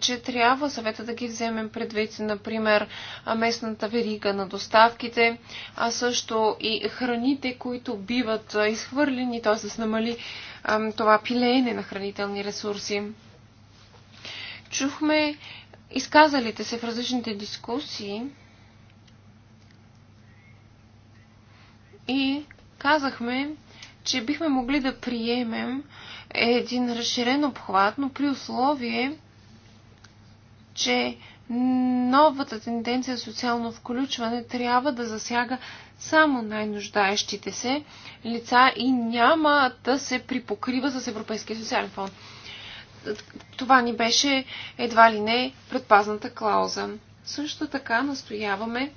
че трябва съвета да ги вземем предвид, например, местната верига на доставките, а също и храните, които биват изхвърлени, т.е. да се намали това пилеене на хранителни ресурси. Чухме изказалите се в различните дискусии и казахме, че бихме могли да приемем един разширен обхват, но при условие, че новата тенденция социално включване трябва да засяга само най-нуждаещите се лица и няма да се припокрива с Европейския социален фонд. Това ни беше едва ли не предпазната клауза. Също така настояваме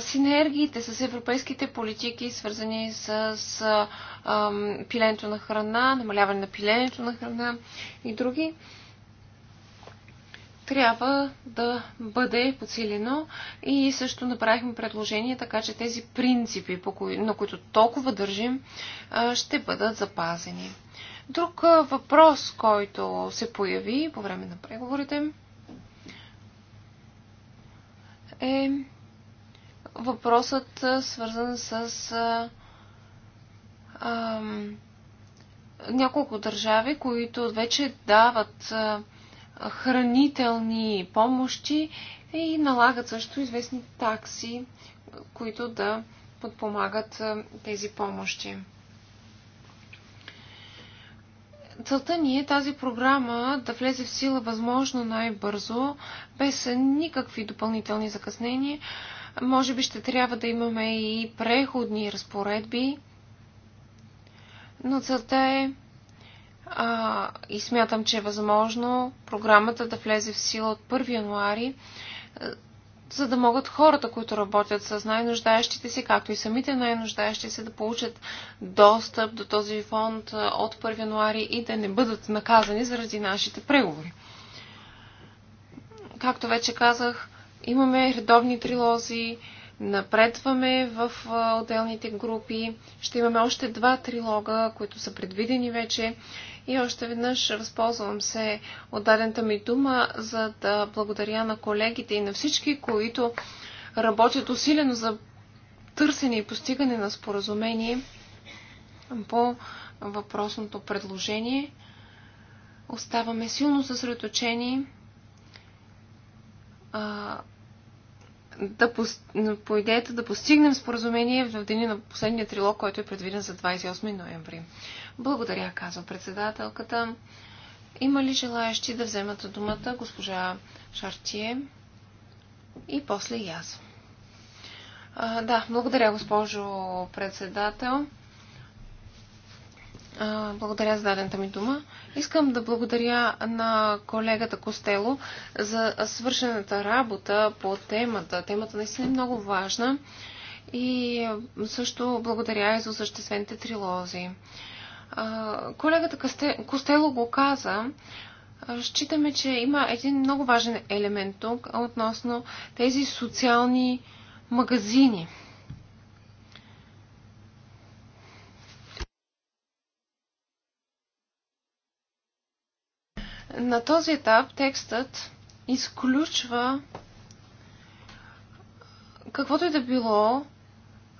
синергиите с европейските политики, свързани с пиленето на храна, намаляване на пиленето на храна и други, трябва да бъде подсилено и също направихме предложение, така че тези принципи, на които толкова държим, ще бъдат запазени. Друг въпрос, който се появи по време на преговорите е въпросът свързан с а, а, няколко държави, които вече дават а, хранителни помощи и налагат също известни такси, които да подпомагат а, тези помощи. Целта ни е тази програма да влезе в сила възможно най-бързо, без никакви допълнителни закъснения може би ще трябва да имаме и преходни разпоредби, но целта е а, и смятам, че е възможно програмата да влезе в сила от 1 януари, за да могат хората, които работят с най-нуждаещите си, както и самите най-нуждаещи се, да получат достъп до този фонд от 1 януари и да не бъдат наказани заради нашите преговори. Както вече казах, Имаме редовни трилози, напредваме в отделните групи. Ще имаме още два трилога, които са предвидени вече. И още веднъж възползвам се от дадената ми дума, за да благодаря на колегите и на всички, които работят усилено за търсене и постигане на споразумение по въпросното предложение. Оставаме силно съсредоточени да по, по идеята да постигнем споразумение в деня на последния трилог, който е предвиден за 28 ноември. Благодаря, казва председателката. Има ли желаящи да вземат думата госпожа Шартие и после и аз? А, да, благодаря, госпожо председател. Благодаря за дадената ми дума. Искам да благодаря на колегата Костело за свършената работа по темата. Темата наистина е много важна и също благодаря и за осъществените трилози. Колегата Костело го каза. Считаме, че има един много важен елемент тук относно тези социални магазини – На този етап текстът изключва каквото и да било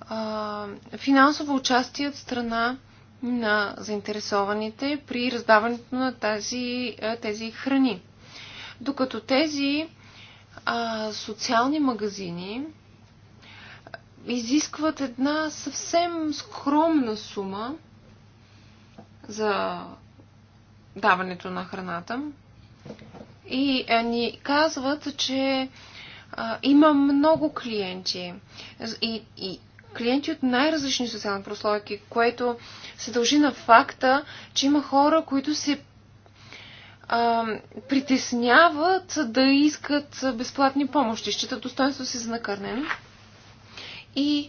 а, финансово участие от страна на заинтересованите при раздаването на тази, тези храни. Докато тези а, социални магазини изискват една съвсем скромна сума за даването на храната. И е, ни казват, че а, има много клиенти. И, и клиенти от най-различни социални прослойки, което се дължи на факта, че има хора, които се а, притесняват да искат безплатни помощи, считат достоинство си за накърнен. И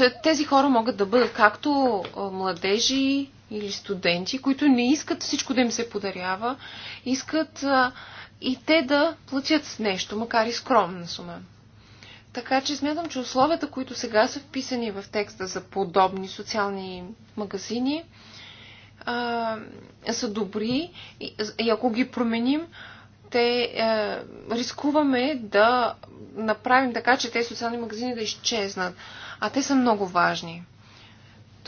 е, тези хора могат да бъдат както младежи, или студенти, които не искат всичко да им се подарява, искат а, и те да платят с нещо, макар и скромна сума. Така че смятам, че условията, които сега са вписани в текста за подобни социални магазини, а, са добри и, и ако ги променим, те а, рискуваме да направим така, че тези социални магазини да изчезнат. А те са много важни.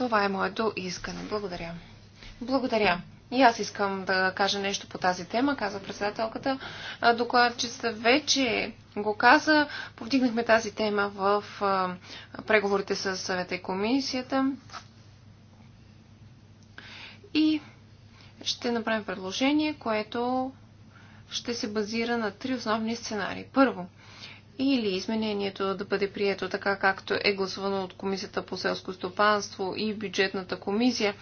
Това е моето искане. Благодаря. Благодаря. И аз искам да кажа нещо по тази тема, каза председателката. Докладчицата вече го каза. Повдигнахме тази тема в преговорите с съвета и комисията. И ще направим предложение, което ще се базира на три основни сценарии. Първо, или изменението да бъде прието така, както е гласувано от Комисията по селско стопанство и бюджетната комисия,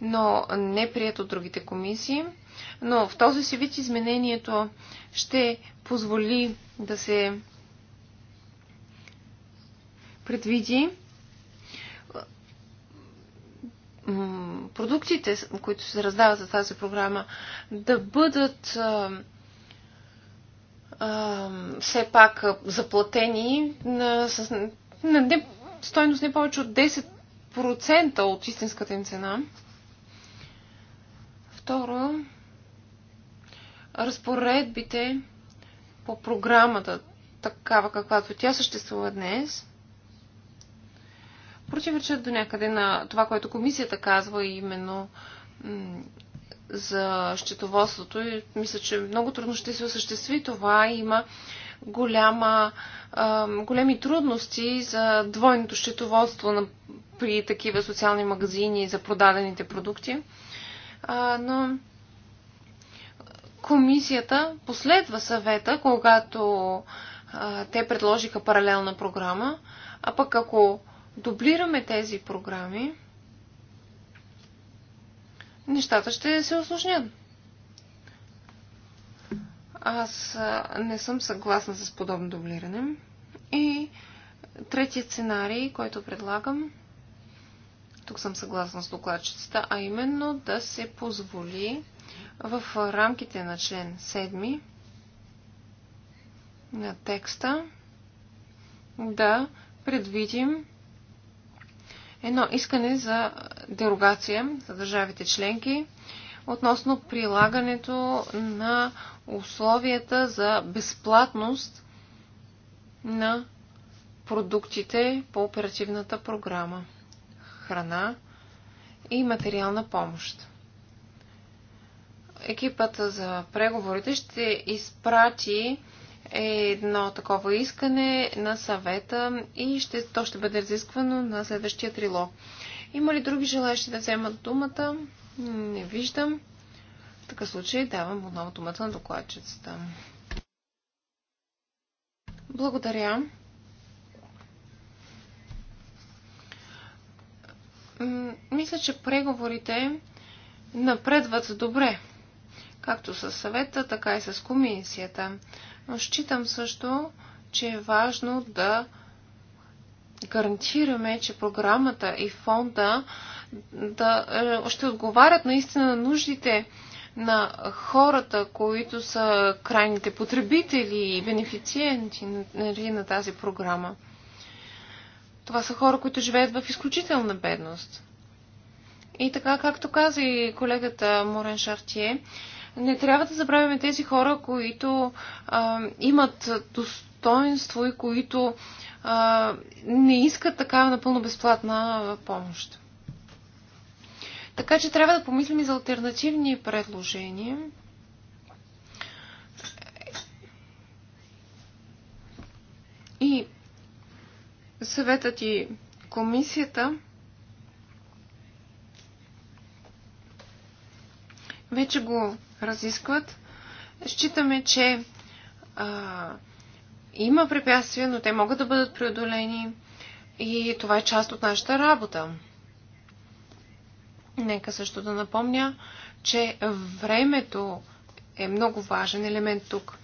но не прието от другите комисии. Но в този си вид изменението ще позволи да се предвиди продуктите, които се раздават за тази програма, да бъдат все пак заплатени на, с, на не, стойност не повече от 10% от истинската им цена. Второ, разпоредбите по програмата, такава каквато тя съществува днес, противоречат до някъде на това, което комисията казва, именно за счетоводството и мисля, че много трудно ще се осъществи това. Има голяма, големи трудности за двойното счетоводство на, при такива социални магазини за продадените продукти. но комисията последва съвета, когато те предложиха паралелна програма, а пък ако дублираме тези програми, нещата ще се осложнят. Аз не съм съгласна с подобно дублиране. И третият сценарий, който предлагам, тук съм съгласна с докладчицата, а именно да се позволи в рамките на член 7 на текста да предвидим едно искане за дерогация за държавите членки относно прилагането на условията за безплатност на продуктите по оперативната програма храна и материална помощ. Екипата за преговорите ще изпрати е едно такова искане на съвета и ще, то ще бъде разисквано на следващия трилог. Има ли други желаящи да вземат думата? Не виждам. В така случай давам отново думата на докладчицата. Благодаря. Мисля, че преговорите напредват добре, както с съвета, така и с комисията но считам също, че е важно да гарантираме, че програмата и фонда да, е, ще отговарят наистина на нуждите на хората, които са крайните потребители и бенефициенти нали, на тази програма. Това са хора, които живеят в изключителна бедност. И така, както каза и колегата Морен Шартие, не трябва да забравяме тези хора, които а, имат достоинство и които а, не искат такава напълно безплатна помощ. Така че трябва да помислим и за альтернативни предложения. И съветът и комисията вече го разискват. Считаме, че а, има препятствия, но те могат да бъдат преодолени и това е част от нашата работа. Нека също да напомня, че времето е много важен елемент тук.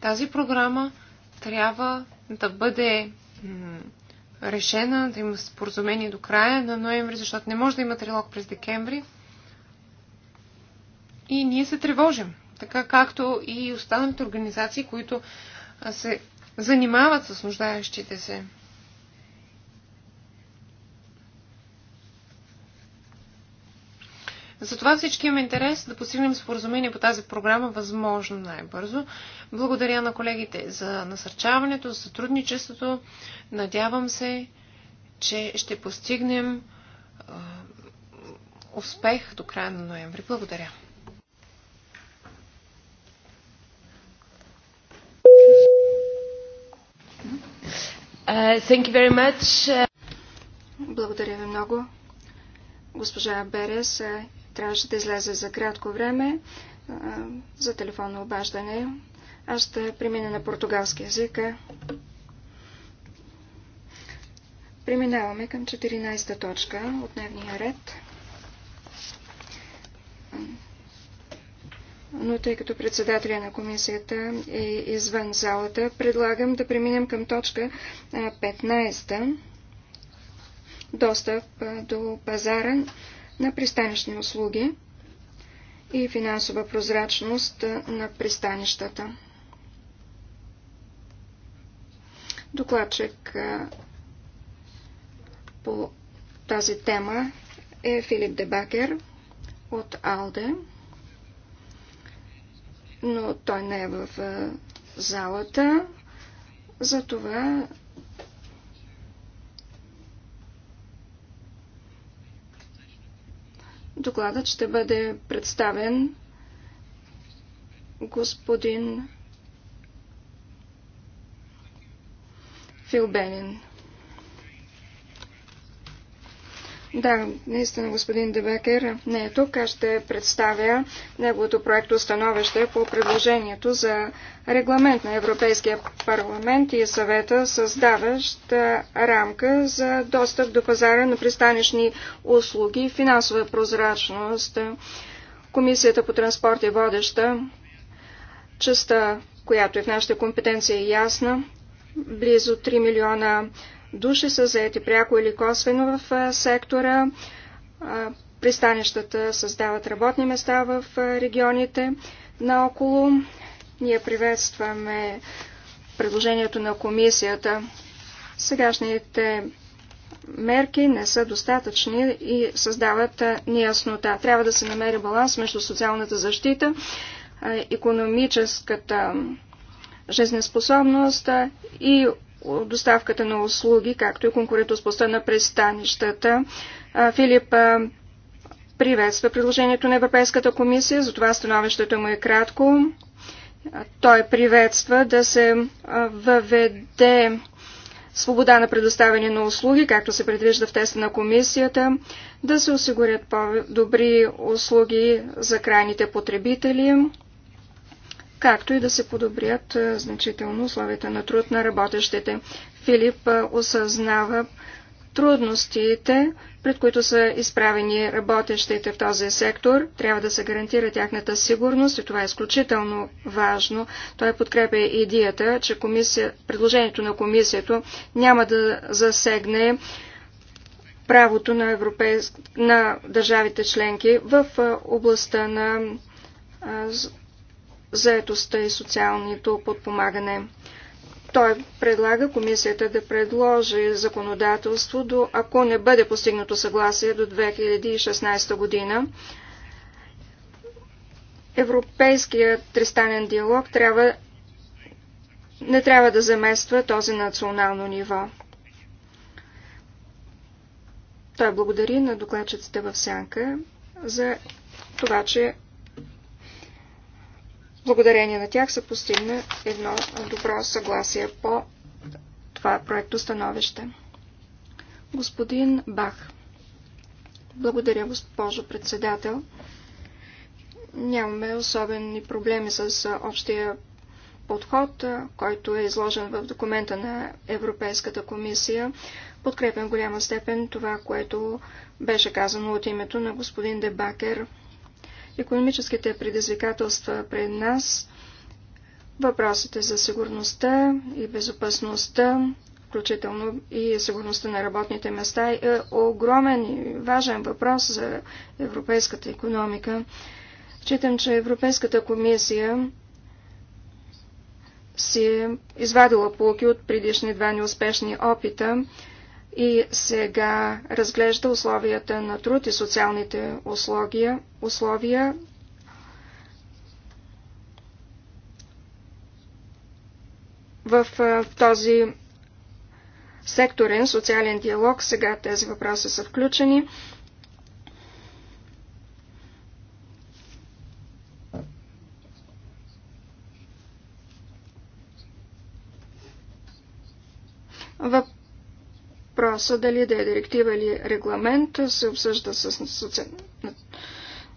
Тази програма трябва да бъде решена, да има споразумение до края на ноември, защото не може да има трилог през декември. И ние се тревожим, така както и останалите организации, които се занимават с нуждаещите се. Затова всички имаме интерес да постигнем споразумение по тази програма възможно най-бързо. Благодаря на колегите за насърчаването, за сътрудничеството. Надявам се, че ще постигнем успех до края на ноември. Благодаря. Uh, Благодаря ви много. Госпожа Берес е, трябваше да излезе за кратко време е, за телефонно обаждане. Аз ще премина на португалски язик. Преминаваме към 14-та точка от дневния ред. но тъй като председателя на комисията е извън залата, предлагам да преминем към точка 15. Достъп до пазара на пристанищни услуги и финансова прозрачност на пристанищата. Докладчик по тази тема е Филип Дебакер от АЛДЕ но той не е в залата. Затова докладът ще бъде представен господин Филбенин. Да, наистина господин Дебекер не е тук. Аз ще представя неговото проекто становище по предложението за регламент на Европейския парламент и съвета, създаващ рамка за достъп до пазара на пристанищни услуги и финансова прозрачност. Комисията по транспорт е водеща. Частта, която е в нашите компетенции, е ясна. Близо 3 милиона души са заети пряко или косвено в сектора. Пристанищата създават работни места в регионите наоколо. Ние приветстваме предложението на комисията. Сегашните мерки не са достатъчни и създават неяснота. Трябва да се намери баланс между социалната защита, економическата жизнеспособност и доставката на услуги, както и конкурентоспоста на пристанищата. Филип приветства предложението на Европейската комисия, затова становището му е кратко. Той приветства да се въведе свобода на предоставяне на услуги, както се предвижда в теста на комисията, да се осигурят по-добри услуги за крайните потребители, както и да се подобрят е, значително условията на труд на работещите. Филип е, осъзнава трудностите, пред които са изправени работещите в този сектор. Трябва да се гарантира тяхната сигурност и това е изключително важно. Той подкрепя идеята, че комисия, предложението на комисията няма да засегне правото на, европейск... на държавите членки в е, областта на заетостта и социалното подпомагане. Той предлага комисията да предложи законодателство, до, ако не бъде постигнато съгласие до 2016 година. Европейският тристанен диалог трябва, не трябва да замества този национално ниво. Той благодари на докладчиците в Сянка за това, че Благодарение на тях се постигна едно добро съгласие по това проекто становище. Господин Бах. Благодаря, госпожо председател. Нямаме особени проблеми с общия подход, който е изложен в документа на Европейската комисия. Подкрепям голяма степен това, което беше казано от името на господин Дебакер економическите предизвикателства пред нас, въпросите за сигурността и безопасността, включително и сигурността на работните места, е огромен и важен въпрос за европейската економика. Читам, че Европейската комисия си е извадила полки от предишни два неуспешни опита и сега разглежда условията на труд и социалните условия, условия в този секторен социален диалог. Сега тези въпроси са включени. Въпроси въпроса дали да е директива или регламент се обсъжда с, соци...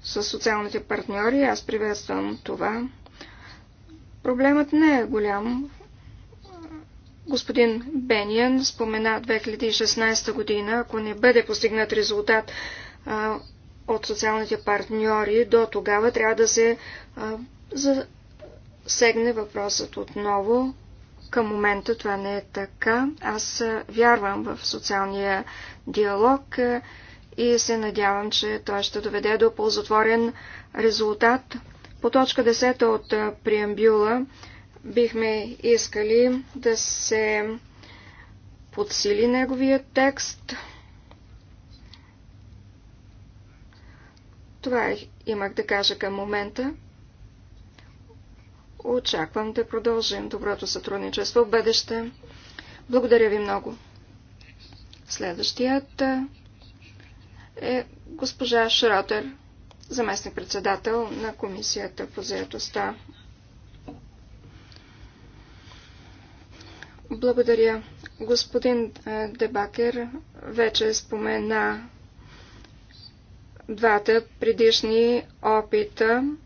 с социалните партньори. Аз приветствам това. Проблемът не е голям. Господин Бениен спомена 2016 година, ако не бъде постигнат резултат а, от социалните партньори, до тогава трябва да се а, засегне въпросът отново към момента това не е така. Аз вярвам в социалния диалог и се надявам, че той ще доведе до ползотворен резултат. По точка 10 от преамбюла бихме искали да се подсили неговия текст. Това имах да кажа към момента очаквам да продължим доброто сътрудничество в бъдеще. Благодаря ви много. Следващият е госпожа Шротер, заместник-председател на Комисията по заедостта. Благодаря. Господин Дебакер вече спомена двата предишни опита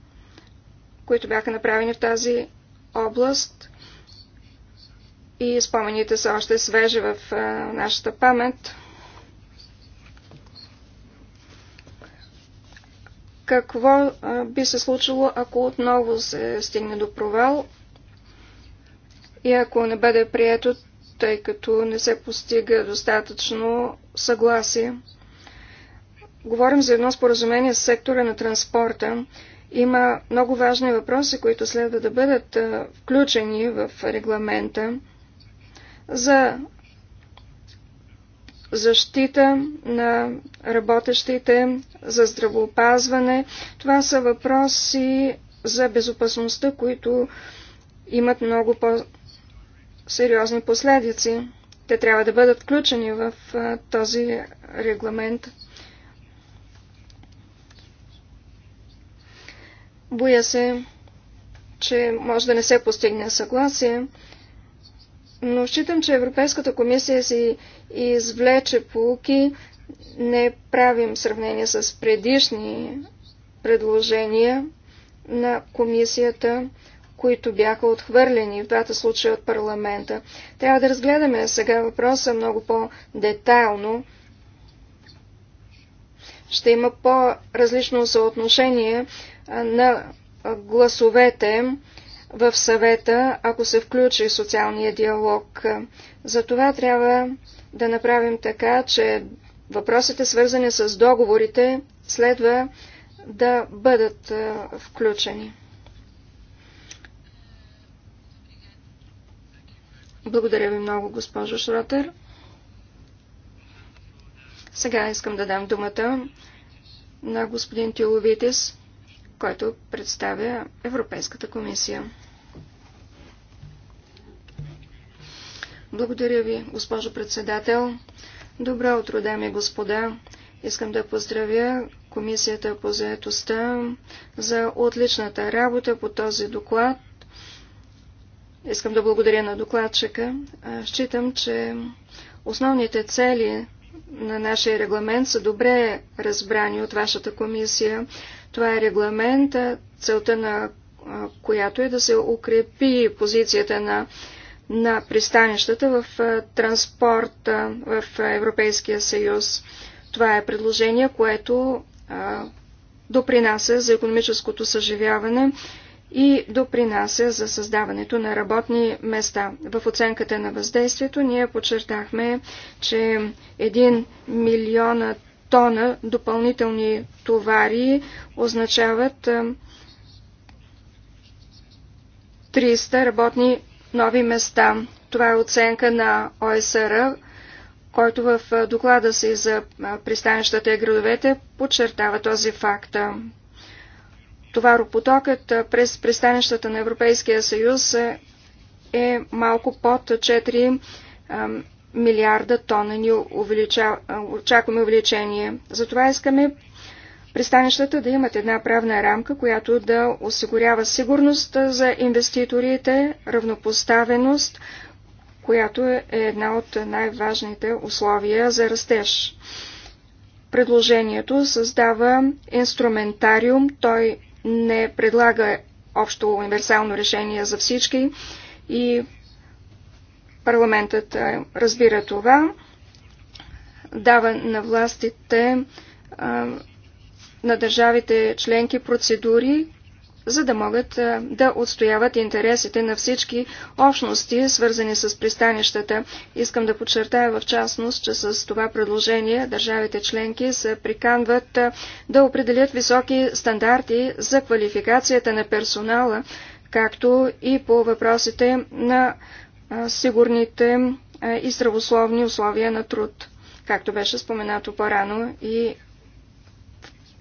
които бяха направени в тази област. И спомените са още свежи в нашата памет. Какво би се случило, ако отново се стигне до провал и ако не бъде прието, тъй като не се постига достатъчно съгласие? Говорим за едно споразумение с сектора на транспорта, има много важни въпроси, които следва да бъдат включени в регламента за защита на работещите, за здравоопазване. Това са въпроси за безопасността, които имат много по-сериозни последици. Те трябва да бъдат включени в този регламент. Боя се, че може да не се постигне съгласие, но считам, че Европейската комисия си извлече полуки. Не правим сравнение с предишни предложения на комисията, които бяха отхвърлени в двата случая от парламента. Трябва да разгледаме сега въпроса много по-детайлно. Ще има по-различно съотношение на гласовете в съвета, ако се включи социалния диалог. За това трябва да направим така, че въпросите, свързани с договорите, следва да бъдат включени. Благодаря ви много, госпожо Шротер. Сега искам да дам думата на господин Тиловитис който представя Европейската комисия. Благодаря ви, госпожо председател. Добро утро, дами и господа. Искам да поздравя Комисията по заедостта за отличната работа по този доклад. Искам да благодаря на докладчика. Считам, че основните цели на нашия регламент са добре разбрани от вашата комисия. Това е регламент, целта на която е да се укрепи позицията на, на пристанищата в транспорта в Европейския съюз. Това е предложение, което а, допринася за економическото съживяване и допринася за създаването на работни места. В оценката на въздействието ние подчертахме, че 1 милионът тона допълнителни товари означават 300 работни нови места. Това е оценка на ОСР, който в доклада си за пристанищата и градовете подчертава този факт. Товаропотокът през пристанищата на Европейския съюз е малко под 4 милиарда тона ни увелича, очакваме увеличение. Затова искаме пристанищата да имат една правна рамка, която да осигурява сигурност за инвеститорите, равнопоставеност, която е една от най-важните условия за растеж. Предложението създава инструментариум, той не предлага общо универсално решение за всички и Парламентът е, разбира това, дава на властите е, на държавите членки процедури, за да могат е, да отстояват интересите на всички общности, свързани с пристанищата. Искам да подчертая в частност, че с това предложение държавите членки се приканват да определят високи стандарти за квалификацията на персонала, както и по въпросите на сигурните и здравословни условия на труд, както беше споменато по-рано и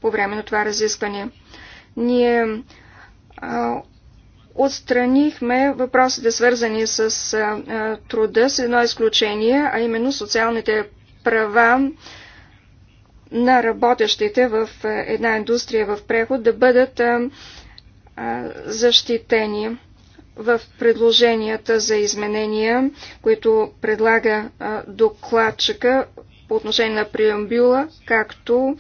по време на това разискване. Ние отстранихме въпросите, свързани с труда, с едно изключение, а именно социалните права на работещите в една индустрия в преход да бъдат защитени в предложенията за изменения, които предлага докладчика по отношение на преамбюла, както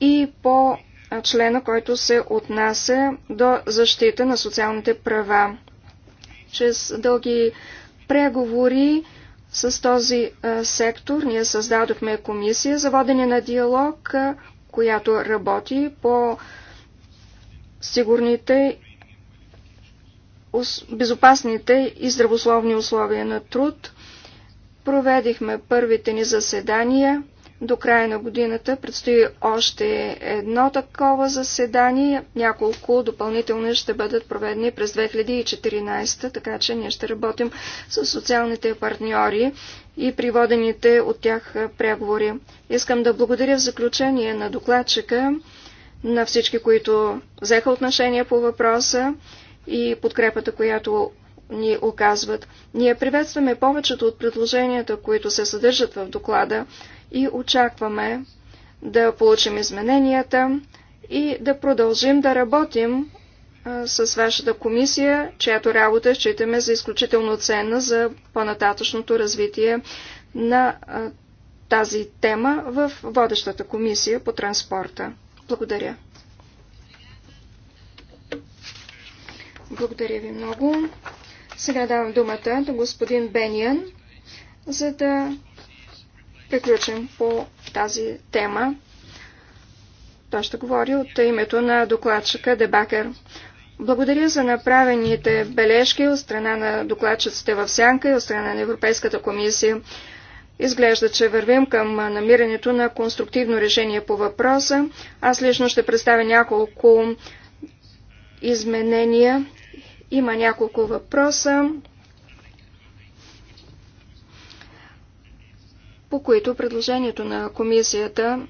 и по члена, който се отнася до защита на социалните права. Чрез дълги преговори с този сектор ние създадохме комисия за водене на диалог, която работи по сигурните безопасните и здравословни условия на труд. Проведихме първите ни заседания. До края на годината предстои още едно такова заседание. Няколко допълнителни ще бъдат проведени през 2014, така че ние ще работим с социалните партньори и приводените от тях преговори. Искам да благодаря в заключение на докладчика, на всички, които взеха отношение по въпроса и подкрепата, която ни оказват. Ние приветстваме повечето от предложенията, които се съдържат в доклада и очакваме да получим измененията и да продължим да работим а, с вашата комисия, чиято работа считаме за изключително ценна за по-нататъчното развитие на а, тази тема в водещата комисия по транспорта. Благодаря. Благодаря ви много. Сега давам думата на господин Бениан, за да приключим по тази тема. Той ще говори от името на докладчика Дебакер. Благодаря за направените бележки от страна на докладчиците в Сянка и от страна на Европейската комисия. Изглежда, че вървим към намирането на конструктивно решение по въпроса. Аз лично ще представя няколко изменения има няколко въпроса, по които предложението на комисията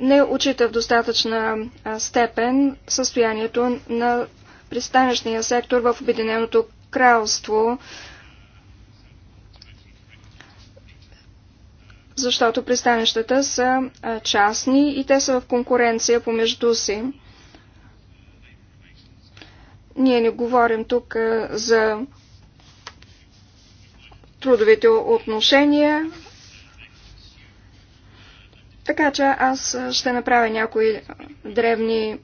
не учита в достатъчна степен състоянието на пристанищния сектор в Обединеното кралство. защото пристанищата са частни и те са в конкуренция помежду си. Ние не говорим тук за трудовите отношения, така че аз ще направя някои древни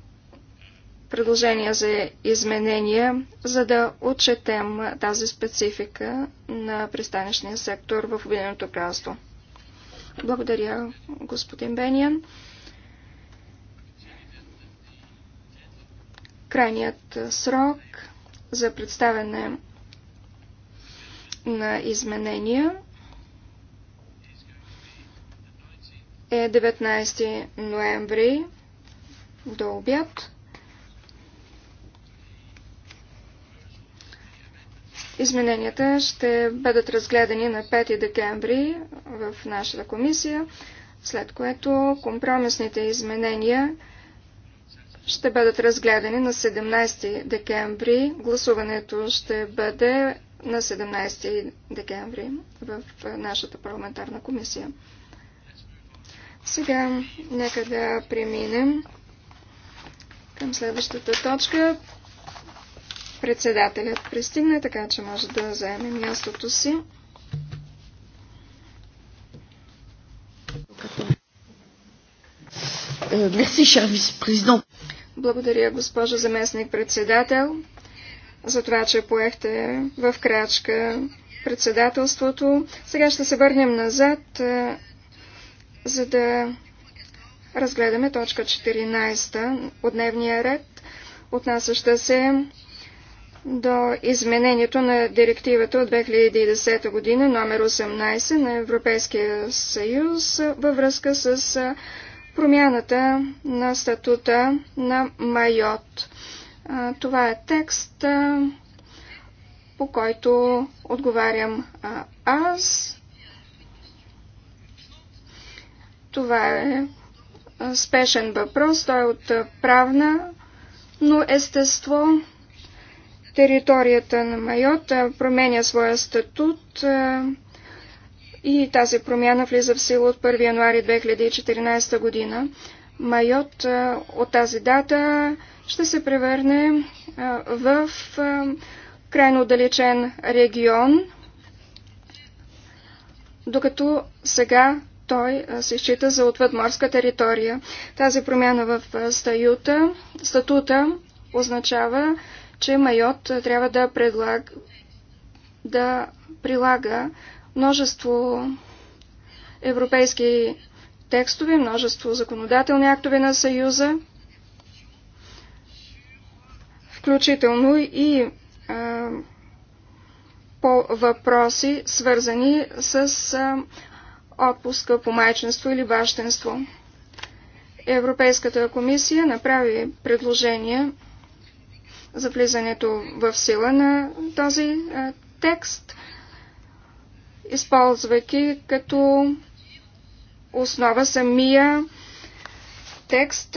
предложения за изменения, за да отчетем тази специфика на пристанищния сектор в Обединеното кралство. Благодаря, господин Бениан. Крайният срок за представяне на изменения е 19 ноември до обяд. Измененията ще бъдат разгледани на 5 декември в нашата комисия, след което компромисните изменения ще бъдат разгледани на 17 декември. Гласуването ще бъде на 17 декември в нашата парламентарна комисия. Сега нека да преминем към следващата точка. Председателят пристигне, така че може да заеме мястото си. Е, Благодаря, госпожо заместник-председател, за това, че поехте в крачка председателството. Сега ще се върнем назад, е, за да разгледаме точка 14 от дневния ред, отнасяща се до изменението на директивата от 2010 година, номер 18 на Европейския съюз, във връзка с промяната на статута на Майот. Това е текст, по който отговарям аз. Това е спешен въпрос. Той е от правна, но естество Територията на Майот променя своя статут и тази промяна влиза в сила от 1 януари 2014 година. Майот от тази дата ще се превърне в крайно отдалечен регион, докато сега той се счита за отвъдморска територия. Тази промяна в статута означава, че Майот трябва да, предлаг, да прилага множество европейски текстове, множество законодателни актове на Съюза, включително и а, по въпроси, свързани с а, отпуска по майчинство или бащенство. Европейската комисия направи предложение за влизането в сила на този текст, използвайки като основа самия текст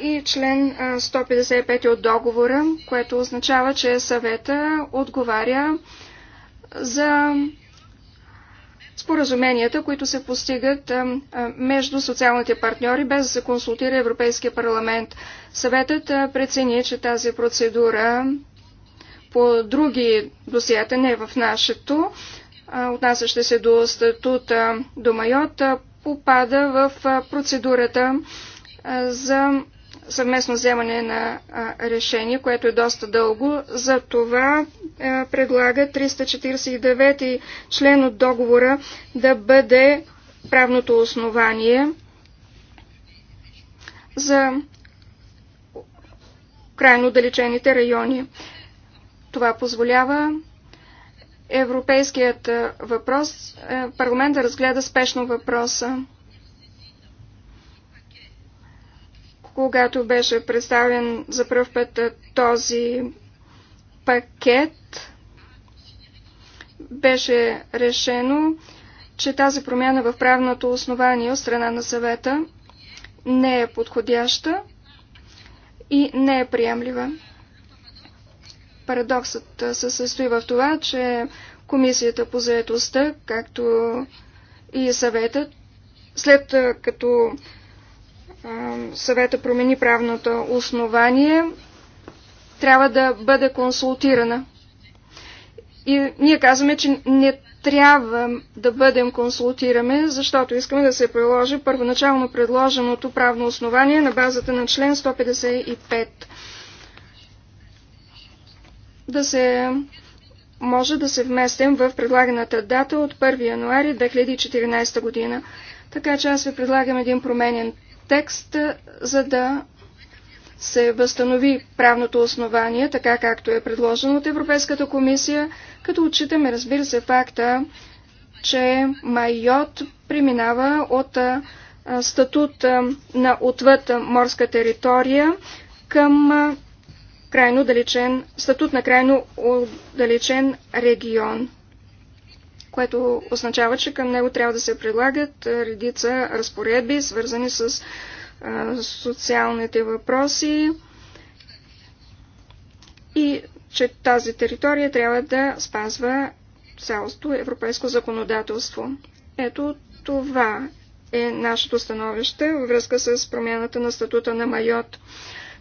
и член 155 от договора, което означава, че съвета отговаря за споразуменията, които се постигат между социалните партньори, без да се консултира Европейския парламент. Съветът прецени, че тази процедура по други досията, не в нашето, отнасяща се до статута до Майот, попада в процедурата за съвместно вземане на а, решение, което е доста дълго. За това а, предлага 349 член от договора да бъде правното основание за крайно далечените райони. Това позволява европейският въпрос, парламент да разгледа спешно въпроса. когато беше представен за първ път този пакет, беше решено, че тази промяна в правното основание от страна на съвета не е подходяща и не е приемлива. Парадоксът се състои в това, че Комисията по заедостта, както и съветът, след като съвета промени правното основание, трябва да бъде консултирана. И ние казваме, че не трябва да бъдем консултираме, защото искаме да се приложи първоначално предложеното правно основание на базата на член 155. Да се може да се вместим в предлаганата дата от 1 януари 2014 година. Така че аз ви предлагам един променен текст, за да се възстанови правното основание, така както е предложено от Европейската комисия, като отчитаме, разбира се, факта, че Майот преминава от статут на отвъд морска територия към крайно далечен, статут на крайно далечен регион което означава, че към него трябва да се прилагат редица разпоредби, свързани с социалните въпроси и че тази територия трябва да спазва цялото европейско законодателство. Ето това е нашето становище във връзка с промяната на статута на Майот.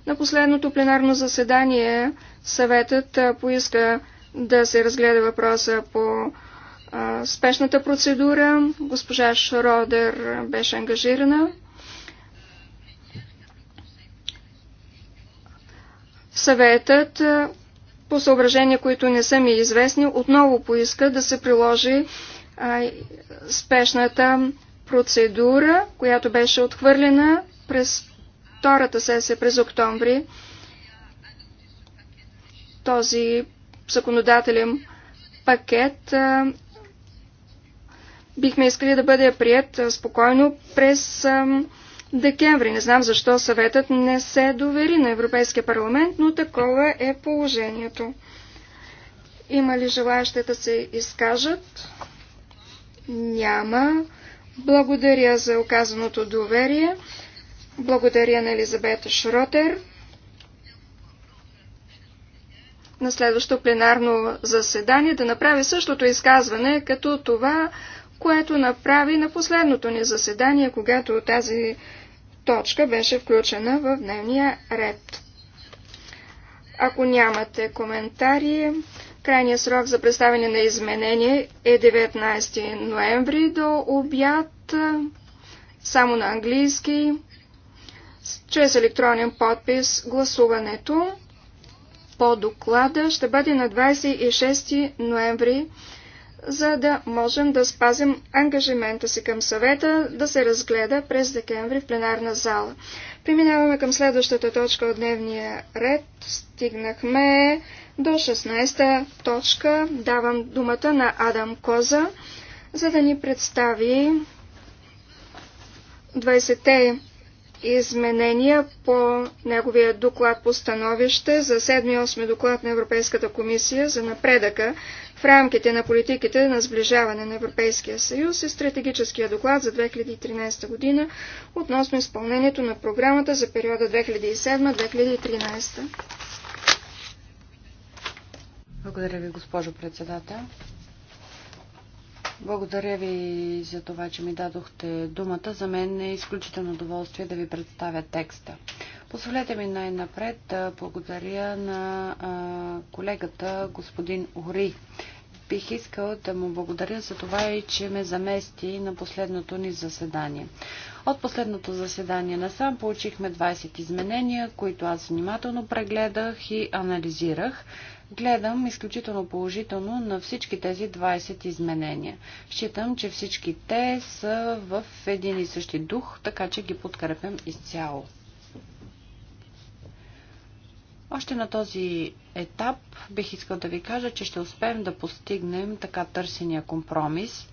На последното пленарно заседание съветът поиска да се разгледа въпроса по спешната процедура. Госпожа Шродер беше ангажирана. Съветът по съображения, които не са ми известни, отново поиска да се приложи а, спешната процедура, която беше отхвърлена през втората сесия през октомври. Този законодателен пакет а, бихме искали да бъде прият спокойно през декември. Не знам защо съветът не се довери на Европейския парламент, но такова е положението. Има ли желаящите да се изкажат? Няма. Благодаря за оказаното доверие. Благодаря на Елизабета Шротер. На следващото пленарно заседание да направи същото изказване, като това което направи на последното ни заседание, когато тази точка беше включена в дневния ред. Ако нямате коментари, крайният срок за представяне на изменение е 19 ноември до обяд, само на английски, чрез електронен подпис гласуването по доклада ще бъде на 26 ноември за да можем да спазим ангажимента си към съвета да се разгледа през декември в пленарна зала. Преминаваме към следващата точка от дневния ред. Стигнахме до 16-та точка. Давам думата на Адам Коза, за да ни представи 20-те изменения по неговия доклад по становище за 7-8 доклад на Европейската комисия за напредъка в рамките на политиките на сближаване на Европейския съюз и стратегическия доклад за 2013 година относно изпълнението на програмата за периода 2007-2013. Благодаря ви, госпожо председател. Благодаря ви за това, че ми дадохте думата. За мен е изключително удоволствие да ви представя текста. Позволете ми най-напред да благодаря на колегата господин Ори. Бих искал да му благодаря за това и че ме замести на последното ни заседание. От последното заседание насам получихме 20 изменения, които аз внимателно прегледах и анализирах гледам изключително положително на всички тези 20 изменения. Считам, че всички те са в един и същи дух, така че ги подкрепям изцяло. Още на този етап бих искал да ви кажа, че ще успеем да постигнем така търсения компромис.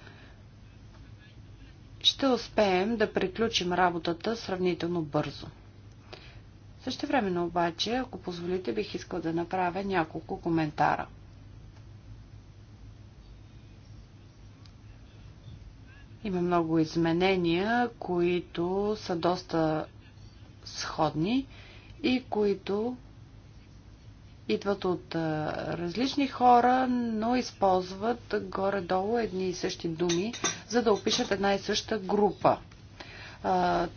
Ще успеем да приключим работата сравнително бързо. Също времено обаче, ако позволите, бих искал да направя няколко коментара. Има много изменения, които са доста сходни и които идват от различни хора, но използват горе-долу едни и същи думи, за да опишат една и съща група.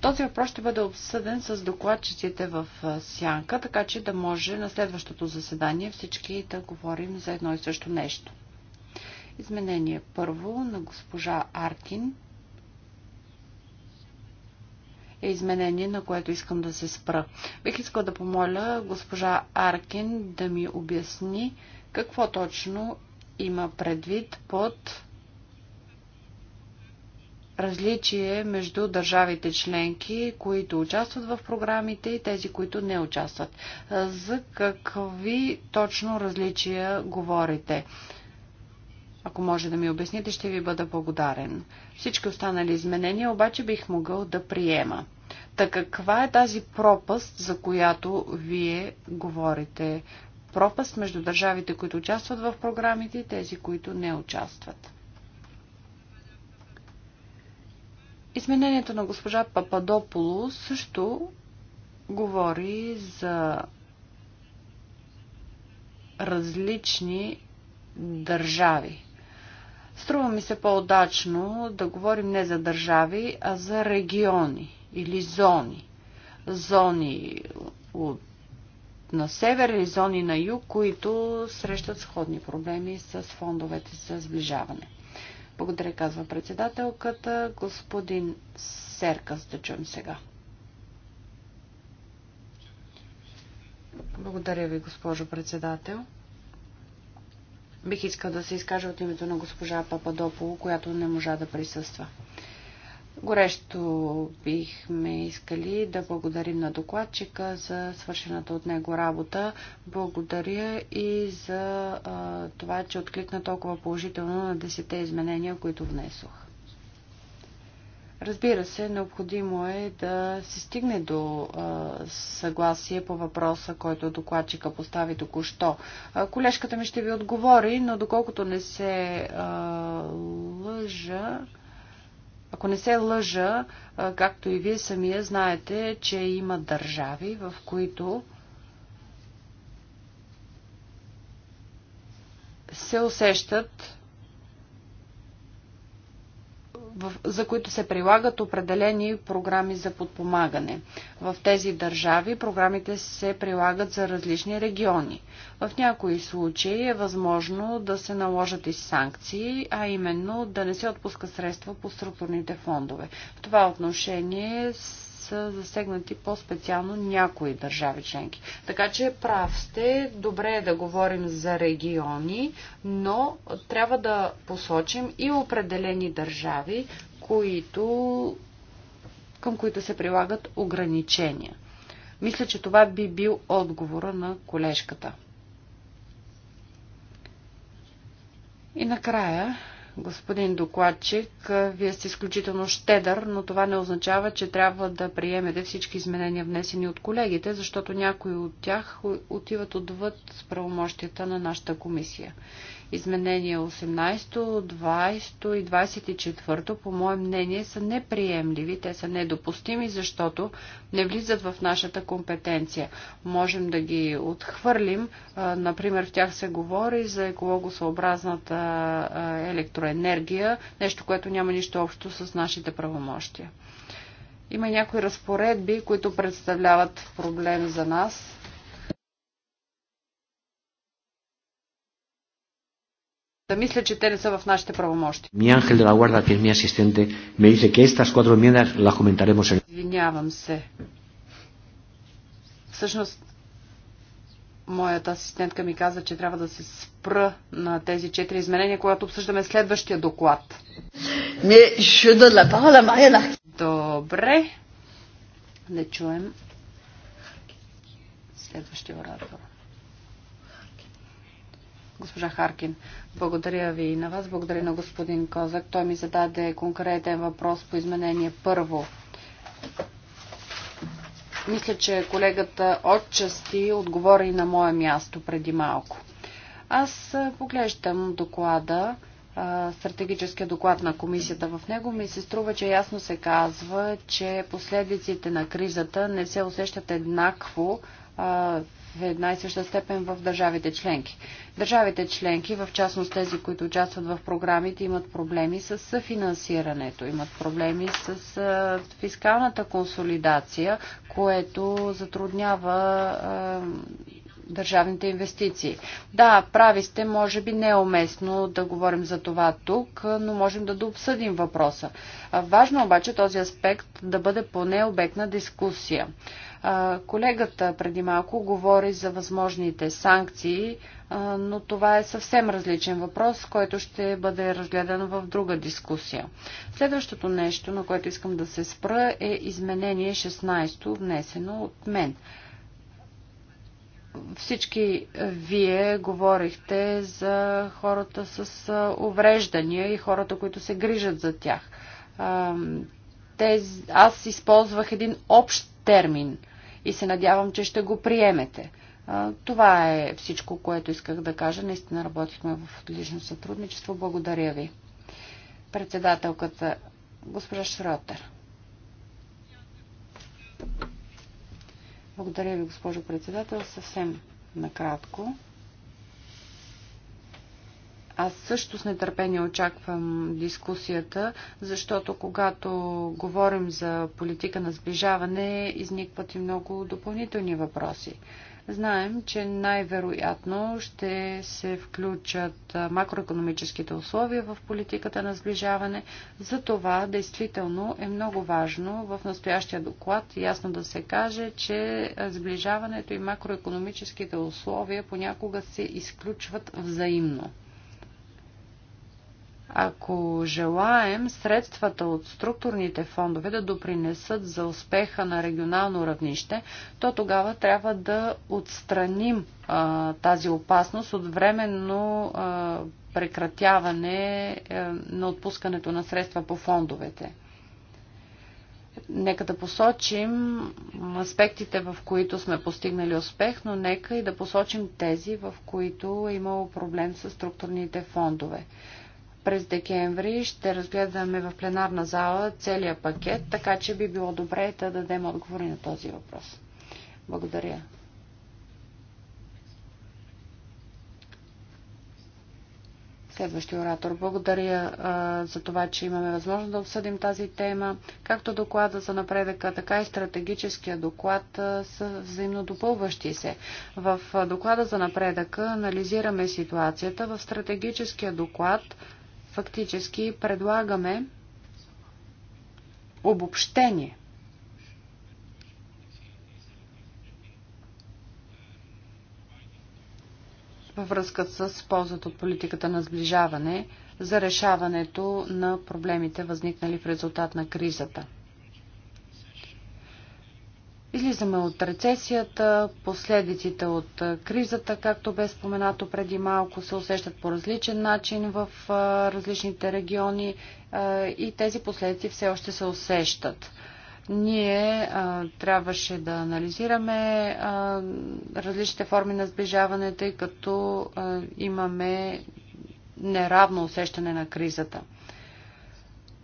Този въпрос ще бъде обсъден с докладчиците в сянка, така че да може на следващото заседание всички да говорим за едно и също нещо. Изменение първо на госпожа Аркин е изменение, на което искам да се спра. Бих искал да помоля госпожа Аркин да ми обясни какво точно има предвид под различие между държавите членки, които участват в програмите и тези, които не участват. За какви точно различия говорите? Ако може да ми обясните, ще ви бъда благодарен. Всички останали изменения обаче бих могъл да приема. Та каква е тази пропаст, за която вие говорите? Пропаст между държавите, които участват в програмите и тези, които не участват. Изменението на госпожа Пападополо също говори за различни държави. Струва ми се по-удачно да говорим не за държави, а за региони или зони. Зони от на север или зони на юг, които срещат сходни проблеми с фондовете за сближаване. Благодаря, казва председателката. Господин Серкас, да чуем сега. Благодаря ви, госпожо председател. Бих искал да се изкажа от името на госпожа Пападополо, която не можа да присъства. Горещо бихме искали да благодарим на докладчика за свършената от него работа. Благодаря и за а, това, че откликна толкова положително на десете изменения, които внесох. Разбира се, необходимо е да се стигне до съгласие по въпроса, който докладчика постави току-що. колежката ми ще ви отговори, но доколкото не се лъжа, ако не се лъжа, както и вие самия знаете, че има държави, в които се усещат за които се прилагат определени програми за подпомагане. В тези държави програмите се прилагат за различни региони. В някои случаи е възможно да се наложат и санкции, а именно да не се отпуска средства по структурните фондове. В това отношение са засегнати по-специално някои държави членки. Така че прав сте, добре е да говорим за региони, но трябва да посочим и определени държави, които, към които се прилагат ограничения. Мисля, че това би бил отговора на колежката. И накрая Господин докладчик, вие сте изключително щедър, но това не означава, че трябва да приемете всички изменения внесени от колегите, защото някои от тях отиват отвъд правомощията на нашата комисия. Изменения 18, 20 и 24, по мое мнение, са неприемливи, те са недопустими, защото не влизат в нашата компетенция. Можем да ги отхвърлим. Например, в тях се говори за екологосъобразната електроенергия, нещо, което няма нищо общо с нашите правомощия. Има някои разпоредби, които представляват проблем за нас, Да мисля, че те не са в нашите правомощи. Ми ангел да Лагуарда, Guarda, е ми асистенте, ме asistente, me dice que estas ла enmiendas las Извинявам се. Всъщност, моята асистентка ми каза, че трябва да се спра на тези четири изменения, когато обсъждаме следващия доклад. ще да Добре. Да чуем следващия оратор. Госпожа Харкин, благодаря ви и на вас. Благодаря на господин Козак. Той ми зададе конкретен въпрос по изменение първо. Мисля, че колегата отчасти отговори на мое място преди малко. Аз поглеждам доклада, стратегическия доклад на комисията в него, ми се струва, че ясно се казва, че последиците на кризата не се усещат еднакво в една и съща степен в държавите членки. Държавите членки, в частност тези, които участват в програмите, имат проблеми с съфинансирането, имат проблеми с фискалната консолидация, което затруднява държавните инвестиции. Да, прави сте, може би не е уместно да говорим за това тук, но можем да дообсъдим въпроса. Важно обаче този аспект да бъде поне обект на дискусия. Колегата преди малко говори за възможните санкции, но това е съвсем различен въпрос, който ще бъде разгледан в друга дискусия. Следващото нещо, на което искам да се спра, е изменение 16, внесено от мен. Всички вие говорихте за хората с увреждания и хората, които се грижат за тях. Аз използвах един общ термин – и се надявам, че ще го приемете. Това е всичко, което исках да кажа. Наистина работихме в отлично сътрудничество. Благодаря ви. Председателката госпожа Шротер. Благодаря ви, госпожо председател. Съвсем накратко. Аз също с нетърпение очаквам дискусията, защото когато говорим за политика на сближаване, изникват и много допълнителни въпроси. Знаем, че най-вероятно ще се включат макроекономическите условия в политиката на сближаване. За това действително е много важно в настоящия доклад ясно да се каже, че сближаването и макроекономическите условия понякога се изключват взаимно. Ако желаем средствата от структурните фондове да допринесат за успеха на регионално равнище, то тогава трябва да отстраним а, тази опасност от временно а, прекратяване а, е, на отпускането на средства по фондовете. Нека да посочим аспектите, в които сме постигнали успех, но нека и да посочим тези, в които е имало проблем с структурните фондове. През декември ще разгледаме в пленарна зала целият пакет, така че би било добре да дадем отговори на този въпрос. Благодаря. Следващия оратор. Благодаря а, за това, че имаме възможност да обсъдим тази тема. Както доклада за напредъка, така и стратегическия доклад а, са взаимно допълващи се. В а, доклада за напредъка анализираме ситуацията. В стратегическия доклад фактически предлагаме обобщение. във връзка с ползата от политиката на сближаване за решаването на проблемите, възникнали в резултат на кризата. Излизаме от рецесията, последиците от кризата, както бе споменато преди малко, се усещат по различен начин в различните региони и тези последици все още се усещат. Ние а, трябваше да анализираме а, различните форми на сближаване, тъй като а, имаме неравно усещане на кризата.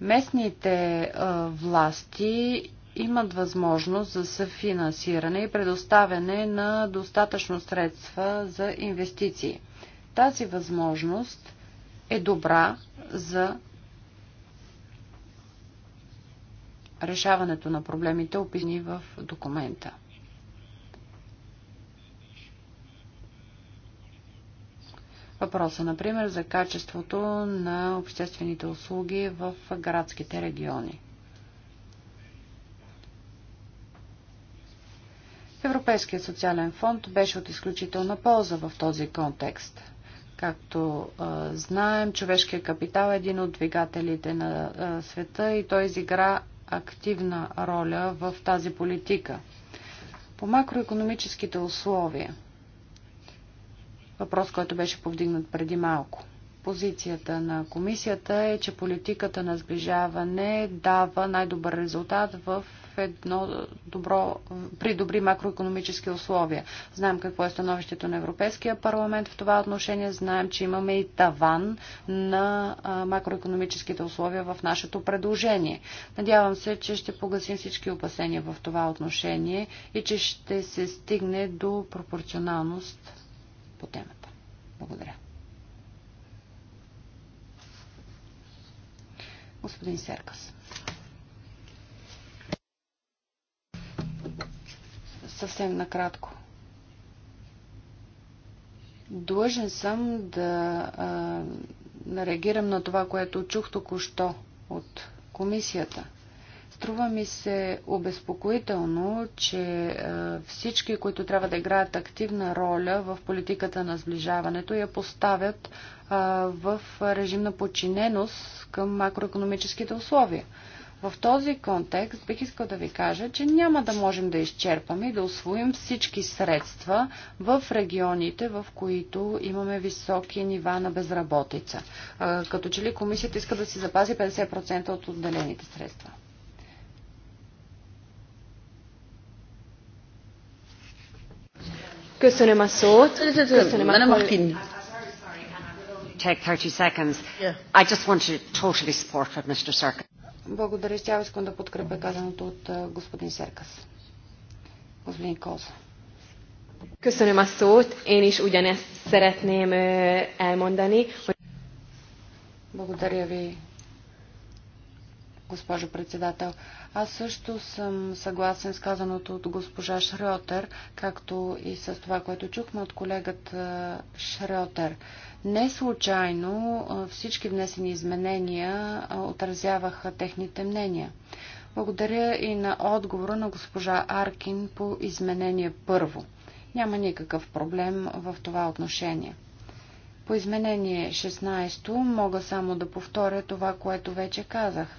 Местните а, власти имат възможност за съфинансиране и предоставяне на достатъчно средства за инвестиции. Тази възможност е добра за решаването на проблемите, описани в документа. Въпроса, например, за качеството на обществените услуги в градските региони. Европейският социален фонд беше от изключителна полза в този контекст. Както а, знаем, човешкият капитал е един от двигателите на а, света и той изигра активна роля в тази политика. По макроекономическите условия, въпрос, който беше повдигнат преди малко, позицията на комисията е, че политиката на сближаване дава най-добър резултат в едно добро, при добри макроекономически условия. Знаем какво е становището на Европейския парламент в това отношение. Знаем, че имаме и таван на макроекономическите условия в нашето предложение. Надявам се, че ще погасим всички опасения в това отношение и че ще се стигне до пропорционалност по темата. Благодаря. господин Серкас. съвсем накратко. Длъжен съм да а, реагирам на това, което чух току-що от комисията. Струва ми се обезпокоително, че а, всички, които трябва да играят активна роля в политиката на сближаването, я поставят а, в режим на подчиненост към макроекономическите условия. В този контекст бих искал да ви кажа, че няма да можем да изчерпаме и да освоим всички средства в регионите, в които имаме високи нива на безработица. Като че ли комисията иска да си запази 50% от отделените средства. Köszönöm a szót. Köszönöm a Take 30 seconds. Yeah. I just want to totally support what Mr. Serkin. Благодаря, Сега искам да подкрепя казаното от господин Серкас. Господин Коза. Köszönöm a szót, én is ugyanezt szeretném elmondani. Благодаря ви, госпожо председател. Аз също съм съгласен с казаното от госпожа Шрьотер, както и с това, което чухме от колегата Шрьотер. Не случайно всички внесени изменения отразяваха техните мнения. Благодаря и на отговора на госпожа Аркин по изменение първо. Няма никакъв проблем в това отношение. По изменение 16 мога само да повторя това, което вече казах –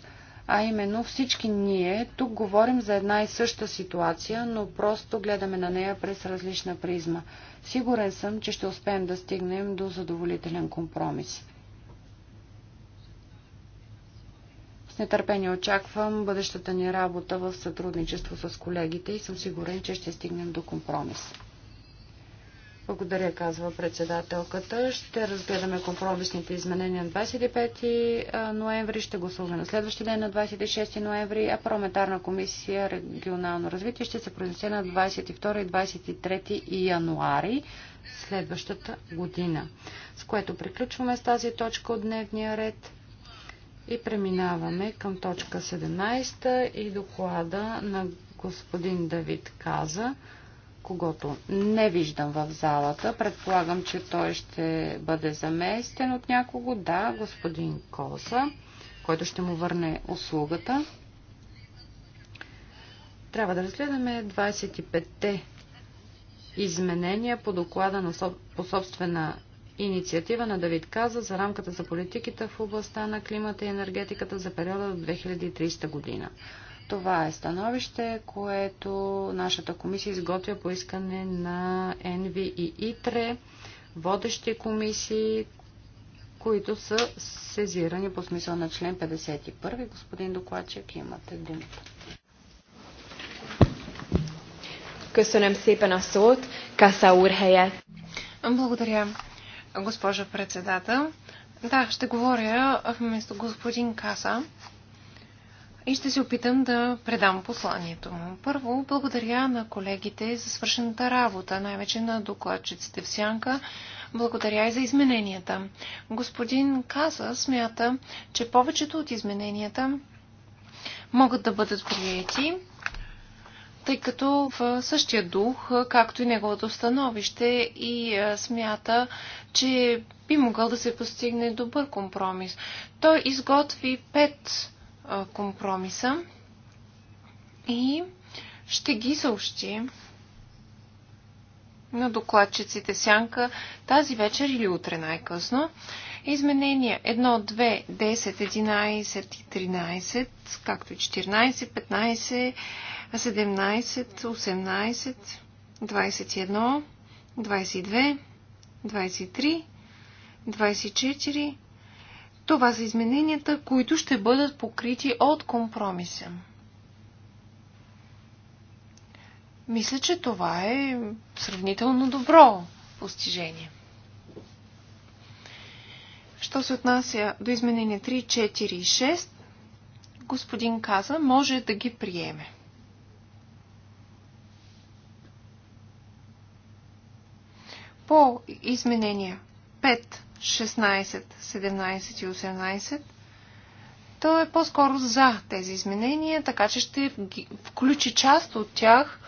а именно всички ние тук говорим за една и съща ситуация, но просто гледаме на нея през различна призма. Сигурен съм, че ще успеем да стигнем до задоволителен компромис. С нетърпение очаквам бъдещата ни работа в сътрудничество с колегите и съм сигурен, че ще стигнем до компромис. Благодаря, казва председателката. Ще разгледаме компромисните изменения на 25 ноември, ще гласуваме на следващия ден на 26 ноември, а парламентарна комисия регионално развитие ще се произнесе на 22 и 23 януари следващата година. С което приключваме с тази точка от дневния ред и преминаваме към точка 17 и доклада на господин Давид Каза когото не виждам в залата. Предполагам, че той ще бъде заместен от някого. Да, господин Коса, който ще му върне услугата. Трябва да разгледаме 25-те изменения по доклада на, по собствена инициатива на Давид Каза за рамката за политиките в областта на климата и енергетиката за периода до 2030 година. Това е становище, което нашата комисия изготвя по искане на ЕНВИ и ИТРЕ, водещи комисии, които са сезирани по смисъл на член 51. Господин докладчик, имате думата. Köszönöm szépen a szót, Kassa úr helyett. Благодаря, госпожа председател. Да, ще говоря вместо господин Каса и ще се опитам да предам посланието му. Първо, благодаря на колегите за свършената работа, най-вече на докладчиците в Сянка. Благодаря и за измененията. Господин Каза смята, че повечето от измененията могат да бъдат приети, тъй като в същия дух, както и неговото становище, и смята, че би могъл да се постигне добър компромис. Той изготви пет компромиса и ще ги съобщи на докладчиците Сянка тази вечер или утре най-късно. Изменения 1, 2, 10, 11 и 13, както и 14, 15, 17, 18, 21, 22, 23, 24, това са измененията, които ще бъдат покрити от компромиса. Мисля, че това е сравнително добро постижение. Що се отнася до изменения 3, 4 и 6, господин каза, може да ги приеме. По изменения 5, 16, 17 и 18. Той е по-скоро за тези изменения, така че ще включи част от тях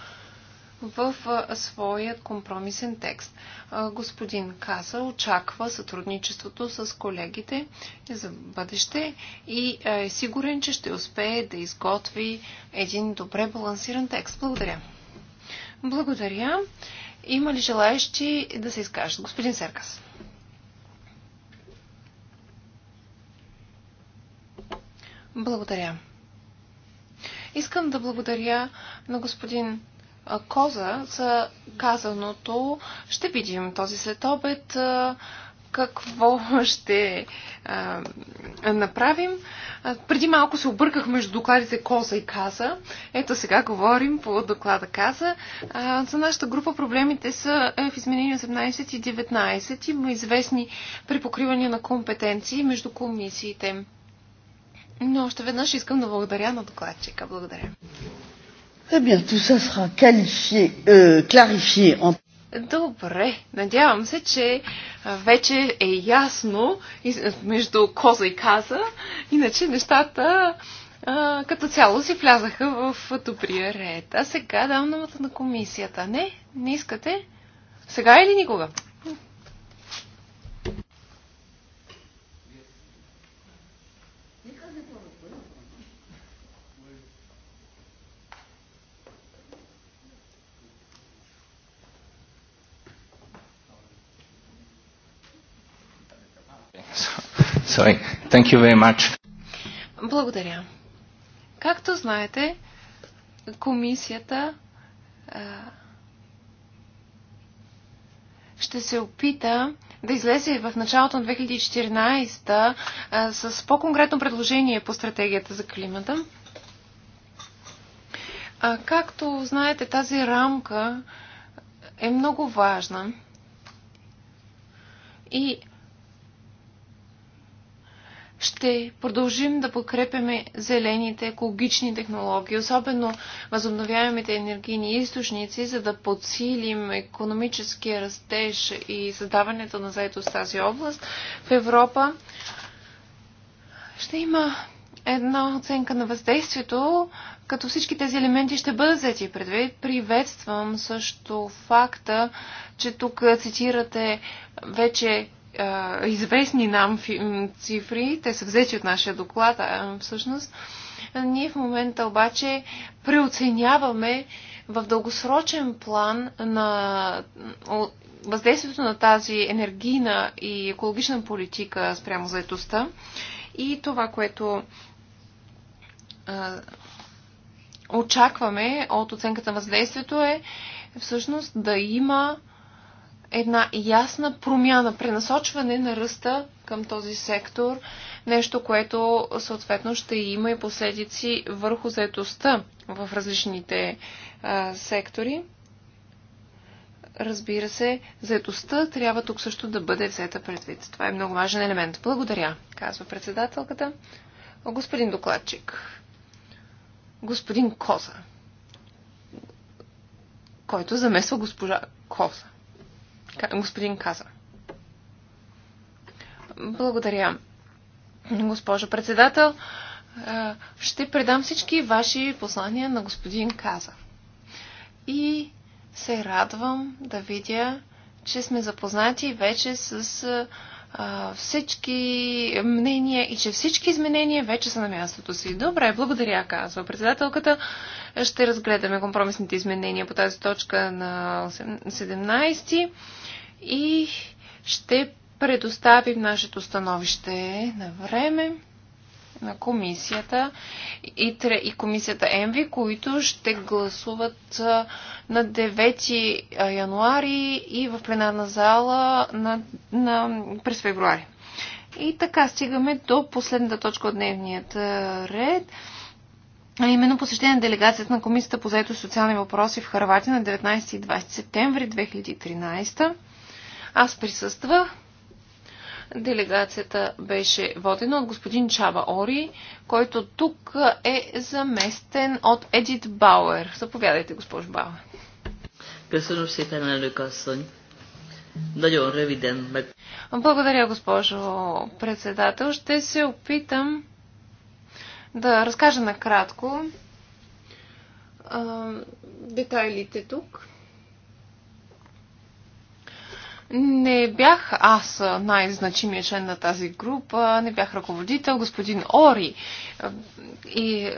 в своят компромисен текст. Господин Каса очаква сътрудничеството с колегите за бъдеще и е сигурен, че ще успее да изготви един добре балансиран текст. Благодаря. Благодаря. Има ли желаещи да се изкажат? Господин Серкас. Благодаря. Искам да благодаря на господин Коза за казаното. Ще видим този след обед какво *laughs* ще а, направим. А, преди малко се обърках между докладите Коза и Каза. Ето сега говорим по доклада Каза. А, за нашата група проблемите са е, в изменение 18 и 19. Има известни припокривания на компетенции между комисиите. Но още веднъж искам да благодаря на докладчика. Благодаря. Eh bien, tout ça sera qualifié, euh, clarifié en... Добре, надявам се, че вече е ясно между коза и каза, иначе нещата а, като цяло си влязаха в добрия ред. А сега дам на комисията. Не, не искате? Сега или никога? Sorry. Thank you very much. Благодаря. Както знаете, комисията а, ще се опита да излезе в началото на 2014 а, с по-конкретно предложение по стратегията за климата. А, както знаете, тази рамка е много важна. И ще продължим да подкрепяме зелените екологични технологии, особено възобновяемите енергийни източници, за да подсилим економическия растеж и създаването на заедост в тази област в Европа. Ще има една оценка на въздействието, като всички тези елементи ще бъдат взети предвид. Приветствам също факта, че тук цитирате вече известни нам цифри, те са взети от нашия доклад, всъщност, ние в момента обаче преоценяваме в дългосрочен план на въздействието на тази енергийна и екологична политика спрямо заедостта и това, което очакваме от оценката на въздействието е всъщност да има една ясна промяна, пренасочване на ръста към този сектор, нещо, което съответно ще има и последици върху заетостта в различните а, сектори. Разбира се, заетостта трябва тук също да бъде взета предвид. Това е много важен елемент. Благодаря, казва председателката. Господин докладчик, господин Коза, който замесва госпожа Коза. Господин Каза. Благодаря, госпожо председател. Е, ще предам всички ваши послания на господин Каза. И се радвам да видя, че сме запознати вече с а, е, всички мнения и че всички изменения вече са на мястото си. Добре, благодаря, казва председателката. Ще разгледаме компромисните изменения по тази точка на 17 и ще предоставим нашето становище на време на комисията и, и комисията ЕМВИ, които ще гласуват на 9 януари и в пленарна зала на, на, през февруари. И така стигаме до последната точка от дневният ред. А именно посещение на делегацията на Комисията по заето социални въпроси в Харватия на 19 и 20 септември 2013. Аз присъствах. Делегацията беше водена от господин Чава Ори, който тук е заместен от Едит Бауер. Заповядайте, госпожо Бауер. Благодаря, госпожо председател. Ще се опитам да разкажа накратко детайлите тук. Не бях аз най-значимия член на тази група, не бях ръководител, господин Ори. И е,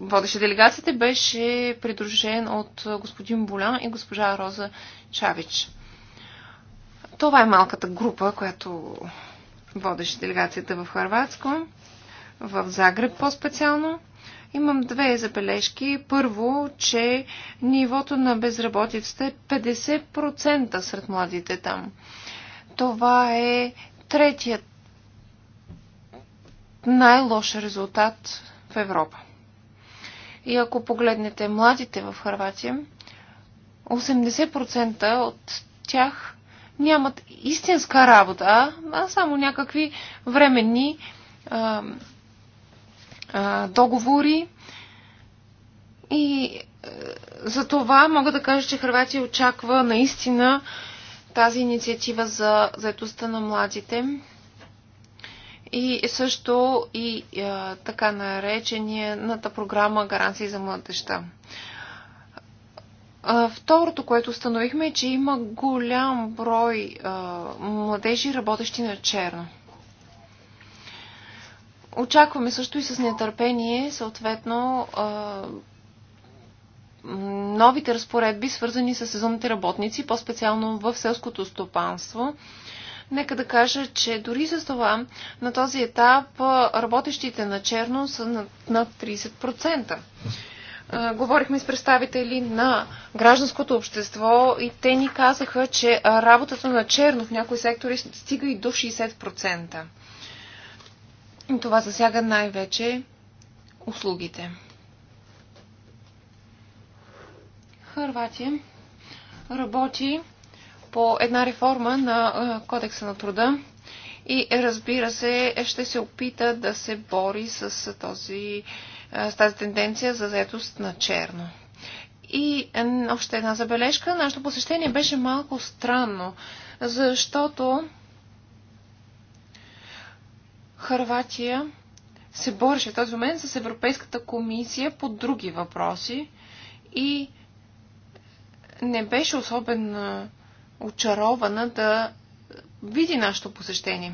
водеща делегацията беше придружен от господин Болян и госпожа Роза Чавич. Това е малката група, която водеше делегацията в Харватско, в Загреб по-специално. Имам две забележки. Първо, че нивото на безработицата е 50% сред младите там. Това е третият най-лош резултат в Европа. И ако погледнете младите в Харватия, 80% от тях нямат истинска работа, а само някакви временни а, договори. И за това мога да кажа, че Хрватия очаква наистина тази инициатива за заедостта на младите и също и а, така наречената програма Гаранции за младеща. второто, което установихме е, че има голям брой а, младежи, работещи на черно. Очакваме също и с нетърпение, съответно, новите разпоредби, свързани с сезонните работници, по-специално в селското стопанство. Нека да кажа, че дори с това на този етап работещите на черно са над 30%. Говорихме с представители на гражданското общество и те ни казаха, че работата на черно в някои сектори стига и до 60%. Това засяга най-вече услугите. Харватия работи по една реформа на Кодекса на труда и разбира се ще се опита да се бори с, този, с тази тенденция за заетост на черно. И още една забележка. Нашето посещение беше малко странно, защото Харватия се бореше в този момент с Европейската комисия по други въпроси и не беше особено очарована да види нашето посещение.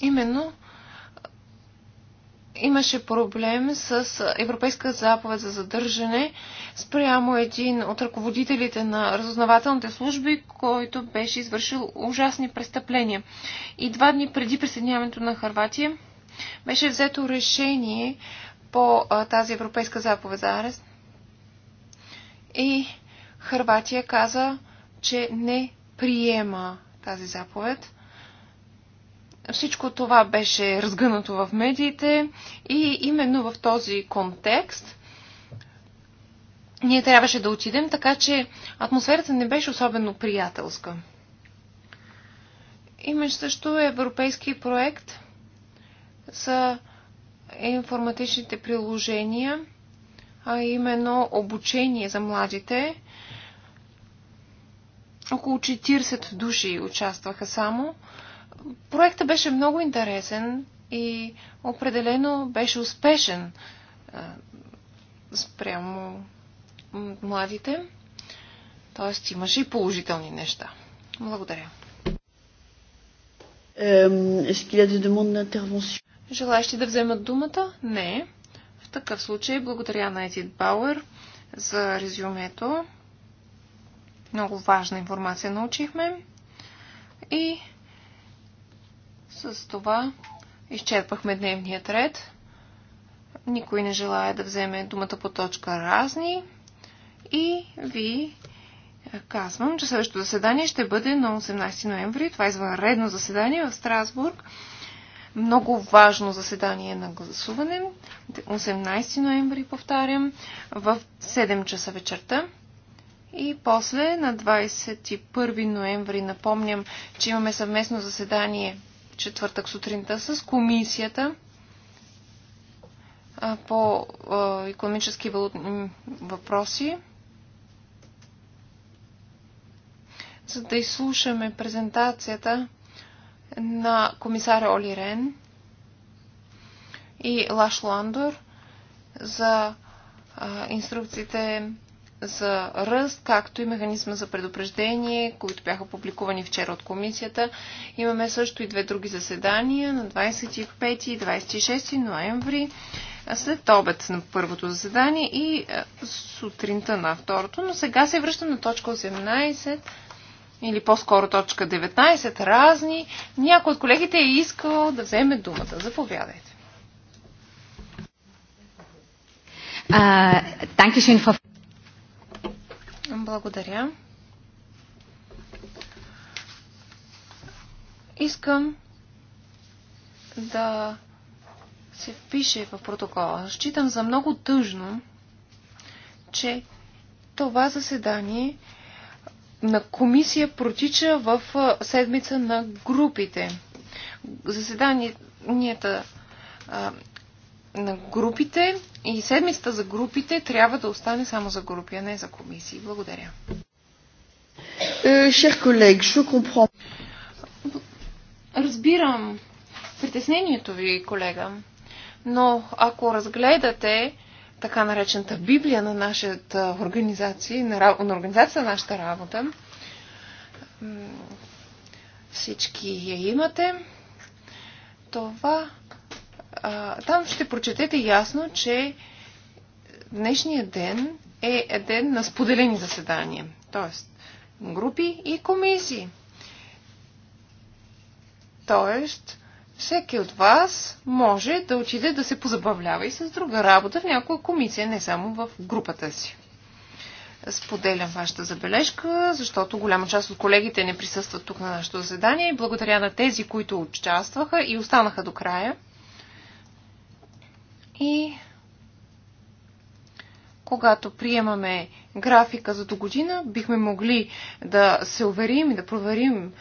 Именно имаше проблем с Европейска заповед за задържане спрямо един от ръководителите на разузнавателните служби, който беше извършил ужасни престъпления. И два дни преди присъединяването на Харватия беше взето решение по тази Европейска заповед за арест. И Харватия каза, че не приема тази заповед всичко това беше разгънато в медиите и именно в този контекст ние трябваше да отидем, така че атмосферата не беше особено приятелска. Име също европейски проект за информатичните приложения, а именно обучение за младите. Около 40 души участваха само проектът беше много интересен и определено беше успешен спрямо младите. Тоест имаше и положителни неща. Благодаря. Желаещи да вземат думата? Не. В такъв случай благодаря на Едит Бауер за резюмето. Много важна информация научихме. И с това изчерпахме дневният ред. Никой не желая да вземе думата по точка разни. И ви казвам, че следващото заседание ще бъде на 18 ноември. Това е извънредно заседание в Страсбург. Много важно заседание на гласуване. 18 ноември, повтарям, в 7 часа вечерта. И после на 21 ноември напомням, че имаме съвместно заседание четвъртък сутринта с комисията по економически въпроси, за да изслушаме презентацията на комисаря Оли Рен и Лаш Ландор за инструкциите за ръст, както и механизма за предупреждение, които бяха публикувани вчера от комисията. Имаме също и две други заседания на 25 и 26 ноември, след обед на първото заседание и сутринта на второто. Но сега се връщам на точка 18 или по-скоро точка 19, разни. Някой от колегите е искал да вземе думата. Заповядайте. Uh, благодаря. Искам да се впише в протокола. Считам за много тъжно, че това заседание на комисия протича в седмица на групите. Заседанията на групите и седмицата за групите трябва да остане само за групи, а не за комисии. Благодаря. Е, Разбирам притеснението ви, колега, но ако разгледате така наречената Библия на нашата организация, на, на организацията на нашата работа, всички я имате, това там ще прочетете ясно, че днешният ден е ден на споделени заседания, т.е. групи и комисии. Тоест, всеки от вас може да отиде да се позабавлява и с друга работа в някоя комисия, не само в групата си. Споделям вашата забележка, защото голяма част от колегите не присъстват тук на нашето заседание и благодаря на тези, които участваха и останаха до края. И когато приемаме графика за до година, бихме могли да се уверим и да проверим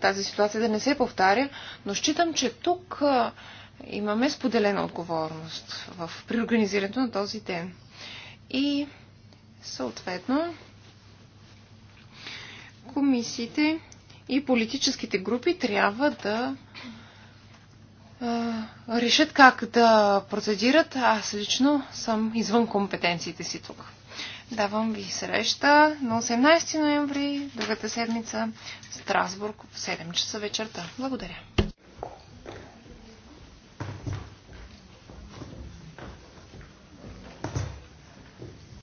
тази ситуация да не се повтаря, но считам, че тук имаме споделена отговорност в, при организирането на този ден. И съответно комисиите и политическите групи трябва да решат как да процедират. Аз лично съм извън компетенциите си тук. Давам ви среща на 18 ноември, другата седмица, Страсбург, в 7 часа вечерта. Благодаря.